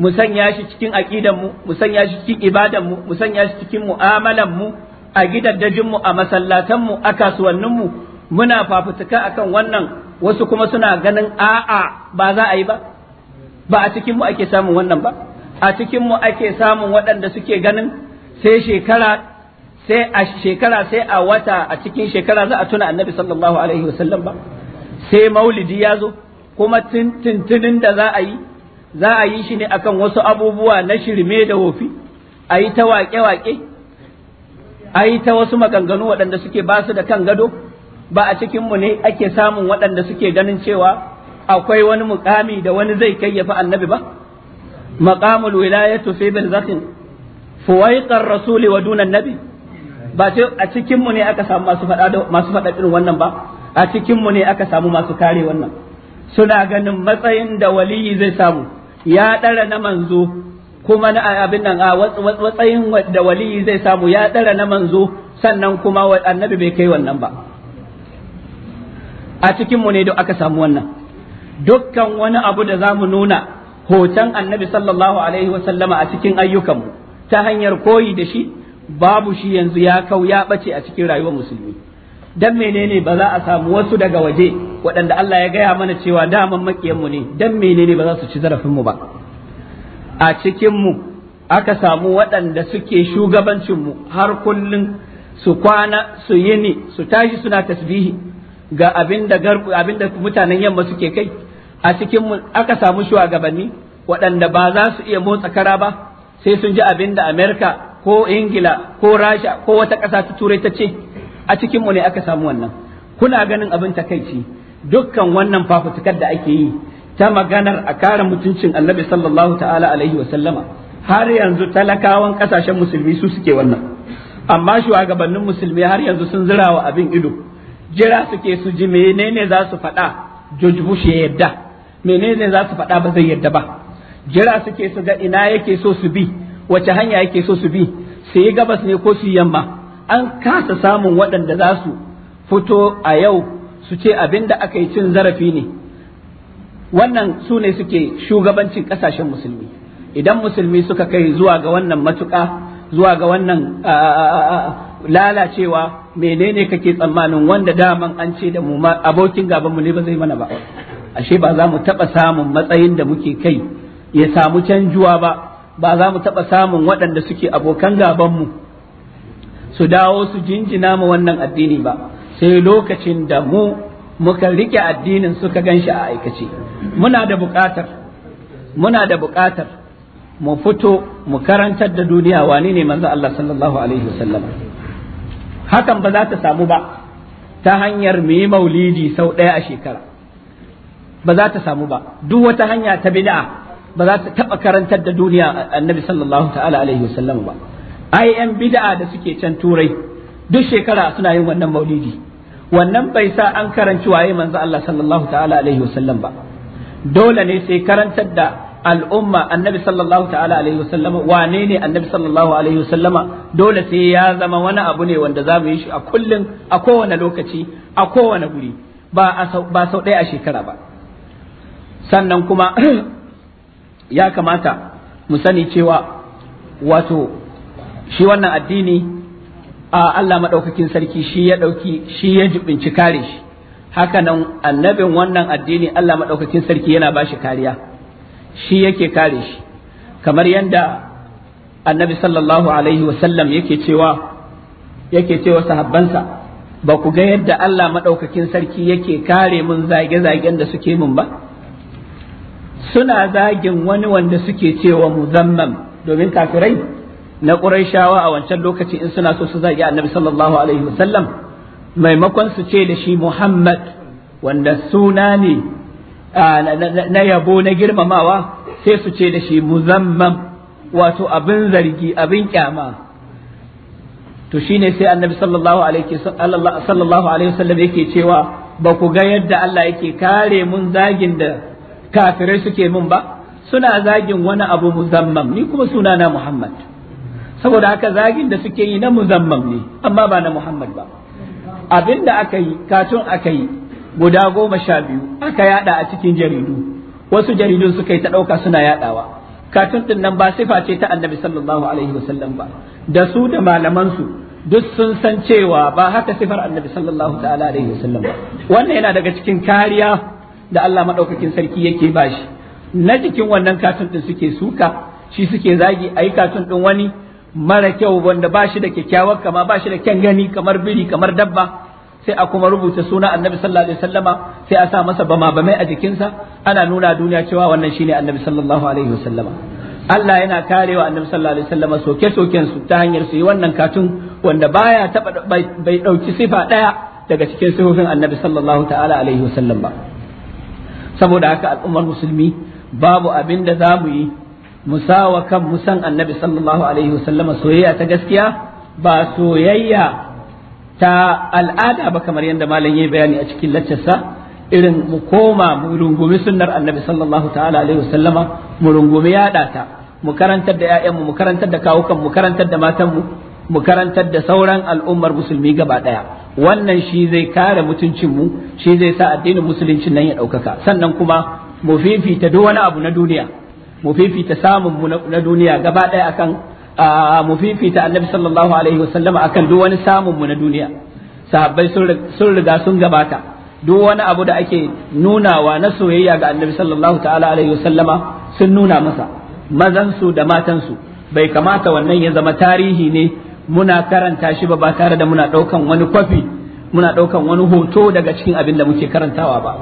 Speaker 4: mu sanya shi cikin aqidan mu mu sanya shi cikin ibadan mu mu sanya shi cikin mu'amalan mu a mu, a masallatanmu a kasuwanninmu muna fafutuka akan wannan wasu kuma suna ganin a'a ba za a yi ba ba a cikinmu ake samun wannan ba a cikinmu ake samun waɗanda suke ganin sai shekara sai a shekara sai a wata a cikin shekara za a tuna annabi sallallahu alaihi wasallam ba sai maulidi ya zo kuma tintintinin da za a yi za a yi shi ne akan wasu abubuwa na shirme da wofi a yi ta waƙe-waƙe ai ta wasu maganganu waɗanda suke ba su da kan gado ba a cikinmu ne ake samun waɗanda suke ganin cewa akwai wani mukami da wani zai kayyafa annabi ba maqamul wilayatu fi barzakhin fuwaiqar rasuli wa dunan nabi ba ce a cikinmu ne aka samu masu faɗa masu faɗa irin wannan ba a cikinmu ne aka samu masu kare wannan suna ganin matsayin da waliyi zai samu ya ɗara na manzo kuma na abin nan a watsayin da waliyi zai samu ya ɗara na manzo sannan kuma annabi bai kai wannan ba a cikinmu mu ne da aka samu wannan dukkan wani abu da zamu nuna hoton annabi sallallahu alaihi wasallama a cikin ayyukanmu ta hanyar koyi da shi babu shi yanzu ya kau ya ɓace a cikin rayuwar musulmi dan menene ba za a samu wasu daga waje waɗanda Allah ya gaya mana cewa daman makiyanmu ne dan menene ba za su ci zarafinmu ba a cikinmu aka samu waɗanda suke shugabancinmu har kullum su kwana su yini su tashi suna tasbihi ga abin da mutanen yamma suke kai a cikin aka samu shugabanni waɗanda ba za su iya motsa kara ba sai sun ji abin da Amerika ko Ingila ko Rasha ko wata ƙasa ta turai ta ce a cikinmu ne aka samu wannan kuna ganin abin takaici dukkan wannan fafutukar da ake yi ta maganar a kare mutuncin annabi sallallahu ta'ala alaihi wa sallama har yanzu talakawan kasashen musulmi su suke wannan amma shugabannin musulmi har yanzu sun zirawa abin ido jira suke su ji menene za su faɗa George Bush ya yadda menene za su faɗa ba zai yadda ba jira suke su ga ina yake so su bi wace hanya yake so su bi su yi gabas ne ko su yamma an kasa samun waɗanda za su fito a yau su ce abin da aka yi cin zarafi ne wannan su ne suke shugabancin kasashen musulmi idan musulmi suka kai zuwa ga wannan matuƙa zuwa ga wannan lalacewa menene kake tsammanin wanda daman an ce da mu abokin gaban mu ne ba zai mana ba ashe ba za mu taɓa samun matsayin da muke kai ya samu canjuwa ba ba za mu taɓa samun waɗanda suke abokan gaban mu su dawo su jinjina mu wannan addini ba sai lokacin da mu muka rike addinin suka gan shi a aikace muna da buƙatar muna da buƙatar mu fito mu karantar da duniya wani ne manzo Allah sallallahu alaihi wasallam hakan ba za ta samu ba ta hanyar mu yi maulidi sau ɗaya a shekara ba za ta samu ba duk wata hanya ta bid'a ba za ta taɓa karantar da duniya annabi sallallahu ta'ala alaihi wasallam ba ai yan bid'a da suke can turai duk shekara suna yin wannan maulidi wannan bai sa an karanci waye manzo Allah sallallahu ta'ala alaihi wasallam ba dole ne sai karantar da al'umma annabi sallallahu ta'ala alaihi wasallama wane ne annabi sallallahu alaihi wasallama dole sai ya zama wani abu ne wanda za mu yi shi a kullum a kowane lokaci a kowane guri ba ba sau ɗaya a shekara ba sannan kuma [clears throat] ya kamata mu sani cewa wato shi wannan addini a Allah maɗaukakin sarki shi ya dauki shi ya jibinci kare shi haka nan annabin wannan addini Allah madaukakin sarki yana bashi kariya shi yake kare shi kamar yadda annabi sallallahu alaihi wasallam yake cewa yake cewa sahabbansa ba ku ga yadda Allah maɗaukakin sarki yake kare mun zage-zagen da suke mun ba suna zagin wani wanda suke cewa muzammam domin kafirai na Qurayshawa a wancan lokaci in suna so su zagi Annabi sallallahu alaihi wasallam maimakon su ce da shi Muhammad wanda suna ne na yabo na girmamawa sai su ce da shi muzammam wato abin zargi abin kyama to shine sai Annabi sallallahu alaihi wasallam yake cewa ba ku ga yadda Allah yake kare mun zagin da kafirai suke mun ba suna zagin wani abu muzammam ni kuma sunana Muhammad saboda haka zagin da suke yi na muzamman ne amma ba na Muhammad ba abin da aka yi katun aka yi guda goma sha biyu aka yada a cikin jaridu wasu jaridu suka yi ta ɗauka suna yadawa katun din nan ba sifa ce ta annabi sallallahu alaihi wasallam ba da su da malaman su duk sun san cewa ba haka sifar annabi sallallahu ta'ala alaihi wasallam ba wannan yana daga cikin kariya da Allah madaukakin sarki yake bashi na jikin wannan katun din suke suka shi suke zagi ayi katun din wani mara kyau wanda ba shi da kyakkyawar kama ba shi da kyan gani kamar biri kamar dabba sai a kuma rubuta suna annabi sallallahu alaihi wasallama sai a sa masa bama bamai a jikinsa ana nuna duniya cewa wannan shine annabi sallallahu alaihi wasallama Allah yana karewa annabi sallallahu alaihi wasallama soke soken su ta hanyar su yi wannan katun wanda baya taba bai dauki sifa daya daga cikin sifofin annabi sallallahu ta'ala alaihi wasallam ba saboda haka al'ummar musulmi babu abin da za mu yi musawa kan musan annabi sallallahu alaihi wasallama soyayya ta gaskiya ba soyayya ta al'ada ba kamar yadda malam ya bayani a cikin laccarsa irin mu koma mu rungumi sunnar annabi sallallahu ta'ala alaihi wasallama mu rungumi yaɗa ta mu karantar da ƴaƴanmu mu karantar da kawukan mu karantar da matanmu mu karantar da sauran al'ummar musulmi gaba ɗaya wannan shi zai kare mutuncinmu shi zai sa addinin musulunci nan ya ɗaukaka sannan kuma mu fifita duk wani abu na duniya mu fifita samun mu na duniya gaba ɗaya akan mu fifita annabi sallallahu alaihi wasallam akan duk wani samun mu na duniya sahabbai sun riga sun gabata duk wani abu da ake nunawa na soyayya ga annabi sallallahu ta'ala alaihi wasallama sun nuna masa mazansu da matansu bai kamata wannan ya zama tarihi ne muna karanta shi ba ba tare da muna ɗaukan wani kwafi muna ɗaukan wani hoto daga cikin abin da muke karantawa ba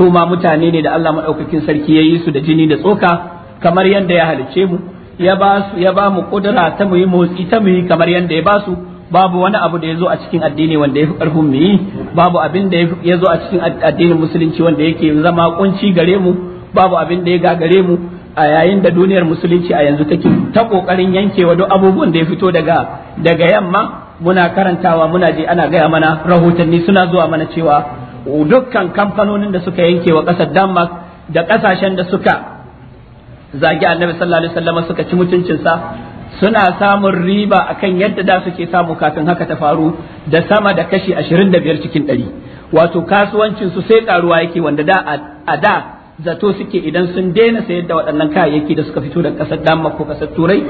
Speaker 4: su ma mutane ne da Allah maɗaukakin sarki ya yi su da jini da tsoka kamar yadda ya halice mu ya ba su ya ba mu kudura ta mu yi motsi ta mu yi kamar yadda ya ba su babu wani abu da ya zo a cikin addini wanda ya fi mu yi babu abin da ya zo a cikin addinin musulunci wanda yake zama kunci gare mu babu abin da ya gagare mu a yayin da duniyar musulunci a yanzu take ta kokarin yankewa duk abubuwan da ya fito daga daga yamma muna karantawa muna je ana gaya mana rahotanni suna zuwa mana cewa dukkan kamfanonin da suka yankewa wa ƙasar Denmark da ƙasashen da suka zagi annabi sallallahu alaihi wasallam suka ci mutuncinsa suna samun riba akan yadda da suke samu kafin haka ta faru da sama da kashi 25 cikin 100 wato kasuwancin su sai karuwa yake wanda da a da zato suke idan sun daina sayar da waɗannan kayayyaki da suka fito daga kasar Denmark ko kasar Turai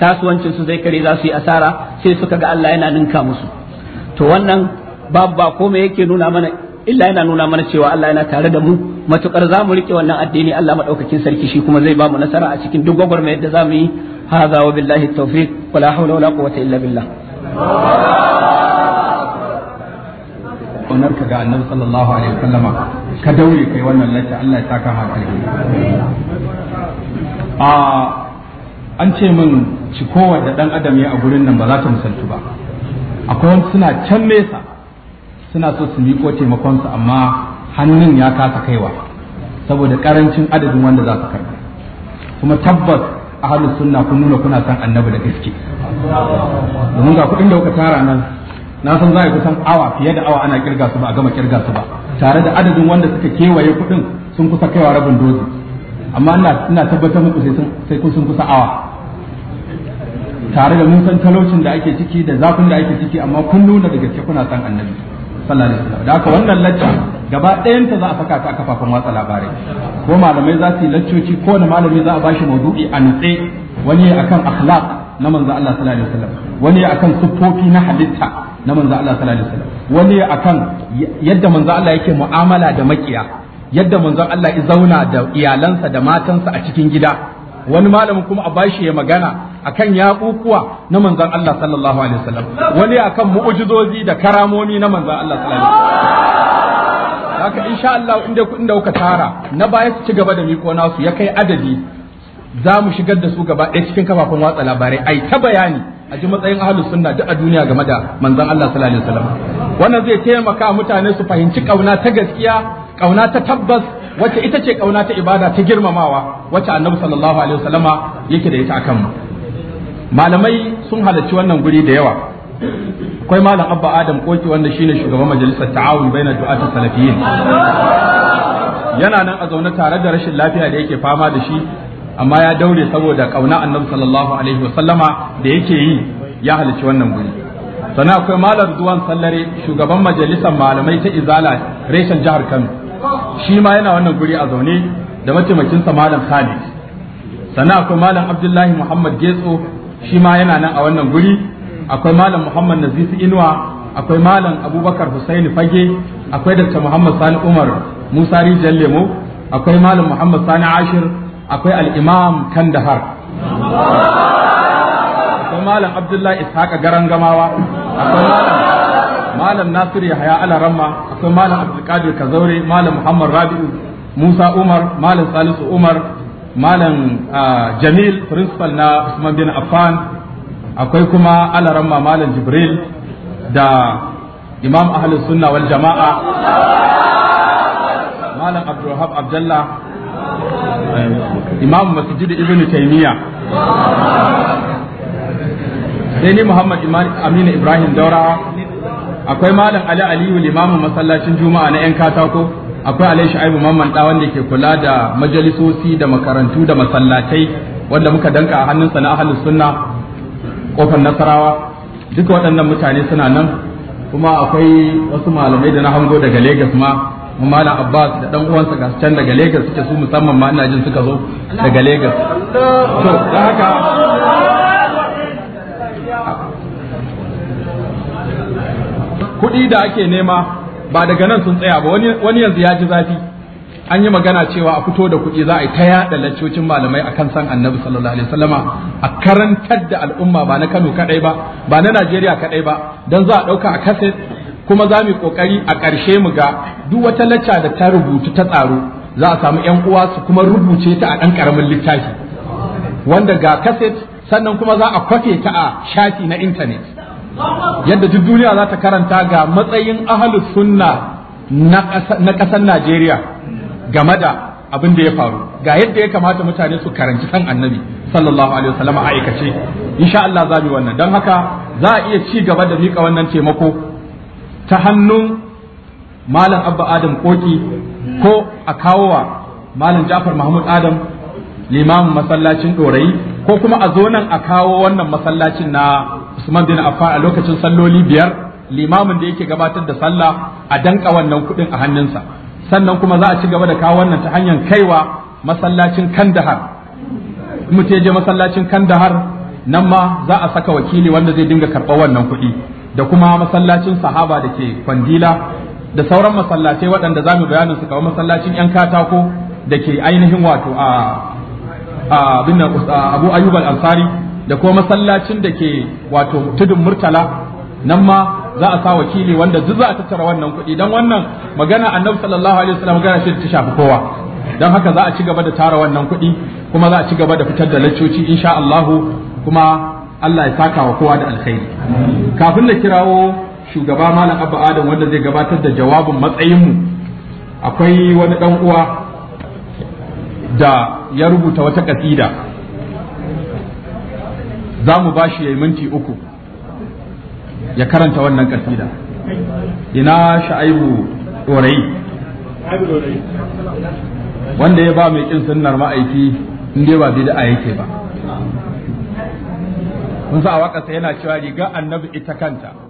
Speaker 4: kasuwancin su zai kare za su yi asara sai suka ga Allah yana ninka musu to wannan babu ba komai yake nuna mana illa yana nuna mana cewa Allah yana tare da mu matukar za mu rike wannan addini Allah madaukakin sarki shi kuma zai ba mu nasara a cikin duk gwagwarmayar yadda za mu yi hadha wa billahi tawfiq wala hawla wala quwwata illa billah onar ka
Speaker 3: ga annabi sallallahu alaihi wasallama ka daure kai wannan lacce Allah ya saka hankali a an ce min kowa da dan adam ya a gurin nan ba za ta musaltu ba akwai suna can nesa suna so su miko taimakonsu amma hannun ya kasa kaiwa saboda karancin adadin wanda za su karɓa kuma tabbas a halin sunna kun nuna kuna san annabi da gaske domin ga kuɗin da kuka tara nan na san za a kusan awa fiye da awa ana kirga su ba a gama kirga su ba tare da adadin wanda suka kewaye kuɗin sun kusa kaiwa rabin dozi amma ina tabbatar muku sai kun sun kusa awa tare da mun san talaucin da ake ciki da zafin da ake ciki amma kun nuna da gaske kuna san annabi sallallahu alaihi wasallam da haka wannan lacca gaba ɗayan ta za a saka ta a kafafen watsa labarai ko malamai za su yi laccoci ko wani malami za a bashi maudu'i a nutse wani akan akhlaq na manzo Allah sallallahu alaihi wasallam wani akan siffofi na halitta na manzo Allah sallallahu alaihi wasallam wani akan yadda manzo Allah yake mu'amala da makiya yadda manzon Allah ya zauna da iyalansa da matansa a cikin gida wani malamin kuma a bashi ya magana akan yaƙuƙuwa na manzon Allah sallallahu alaihi wasallam wani akan mu'ujizozi da karamomi na manzon Allah sallallahu
Speaker 2: alaihi wasallam haka
Speaker 3: insha Allah inda kuɗin da kuka tara na baya su ci gaba da miƙo su ya kai adadi za mu shigar da su gaba ɗaya cikin kafafen watsa labarai ai ta bayani a ji matsayin ahlus sunna duk a duniya game da manzon Allah sallallahu alaihi wasallam wannan zai taimaka mutane su fahimci kauna ta gaskiya kauna ta tabbas wacce ita ce kauna ta ibada ta girmamawa wacce annabi sallallahu alaihi wasallama yake da ita akan mu malamai sun halarci wannan guri da yawa akwai malam abba adam koki wanda shine shugaban majalisar ta'awun baina ta salafiyin yana nan a zaune tare da rashin lafiya da yake fama da shi amma ya daure saboda kauna annabi sallallahu alaihi sallama da yake yi ya halarci wannan guri sannan akwai malam duwan sallare shugaban majalisar malamai ta izala reshen jihar kano shi ma yana wannan guri a zaune da mataimakinsa malam khalid sannan akwai malam abdullahi muhammad getso shi ma yana nan a wannan guri akwai malam muhammad nazifi inuwa akwai malam abubakar husaini fage akwai dr muhammad sani umar musa rijiyar lemo akwai malam muhammad sani ashir akwai al'imam kandahar
Speaker 2: akwai malam abdullahi
Speaker 3: ishaqa garan gamawa akwai
Speaker 2: malam malam nasir yahaya
Speaker 3: alaramma akwai malam abdulkadir kazaure malam muhammad rabi'u musa umar malam salisu umar malam ah, jamil principal na usman bin affan akwai kuma alaramma malam jibril da imam ahalin sunna wal jama'a
Speaker 2: malam abdulhab abdallah eh,
Speaker 3: imam masjid ibn taymiya
Speaker 2: sai ni muhammad aminu ibrahim daura akwai malam
Speaker 3: ali aliyu limamin masallacin juma'a na yan katako akwai alai shu'aibu mamman da wanda ke kula da majalisoci da makarantu da masallatai wanda muka danka a hannunsa na ahli sunna kofar nasarawa duka waɗannan mutane suna nan kuma akwai wasu malamai da na hango daga Legas ma Malam Abbas da dan uwansa ga can daga Legas suke su musamman ma ina jin suka zo daga Legas to haka kuɗi da ake nema ba daga nan sun tsaya ba wani yanzu ya ji zafi an yi magana cewa a fito da kuɗi za a yi ta yaɗa laccocin malamai a kan san annabi sallallahu alaihi wasallama a karantar da al'umma ba na kano kaɗai ba ba na najeriya kaɗai ba don za a ɗauka a kaset kuma za mu yi ƙoƙari a ƙarshe mu ga duk wata lacca da ta rubutu ta tsaro za a samu ‘yan uwa su kuma rubuce ta a ɗan ƙaramin littafi wanda ga kaset sannan kuma za a kwafe ta a shafi na intanet yadda duk duniya za ta karanta ga matsayin ahalus sunna na ƙasar Najeriya game da abin da ya faru ga yadda ya kamata mutane su karanci san annabi sallallahu alaihi wasallam a aikace insha Allah za mu wannan don haka za a iya ci gaba da mika wannan taimako ta hannun malam abba adam koki ko a kawo wa malam jafar mahmud adam limamin masallacin dorayi ko kuma a zo nan a kawo wannan masallacin na Usman bin Affan a lokacin salloli biyar limamin da yake gabatar da sallah a danka wannan kuɗin a hannunsa sannan kuma za a ci gaba da kawo wannan ta hanyar kaiwa masallacin Kandahar mutum je masallacin Kandahar nan ma za a saka wakili wanda zai dinga karɓar wannan kuɗi da kuma masallacin sahaba da ke kwandila da sauran masallatai waɗanda za mu bayanin su kawo masallacin 'yan katako da ke ainihin wato a abu ayyub al-ansari da kuma masallacin da ke wato tudun murtala nan ma za a sa wakili wanda duk za a tattara wannan kuɗi don wannan magana annabi sallallahu alaihi wasallam magana shi ta shafi kowa Don haka za a ci gaba da tara wannan kuɗi kuma za a ci gaba da fitar da laccoci insha Allah kuma Allah ya saka wa kowa da alkhairi kafin na kirawo shugaba malam Abba Adam wanda zai gabatar da jawabin matsayinmu akwai wani dan uwa da ya rubuta wata kasida za mu ba shi ya yi minti uku
Speaker 2: ya karanta wannan kasida
Speaker 3: ina sha'aibu ɗorai wanda ya ba mai ƙin sunnar ma'aiki inda ba a yake ba kun sa a waƙarsa yana cewa riga annabi ita kanta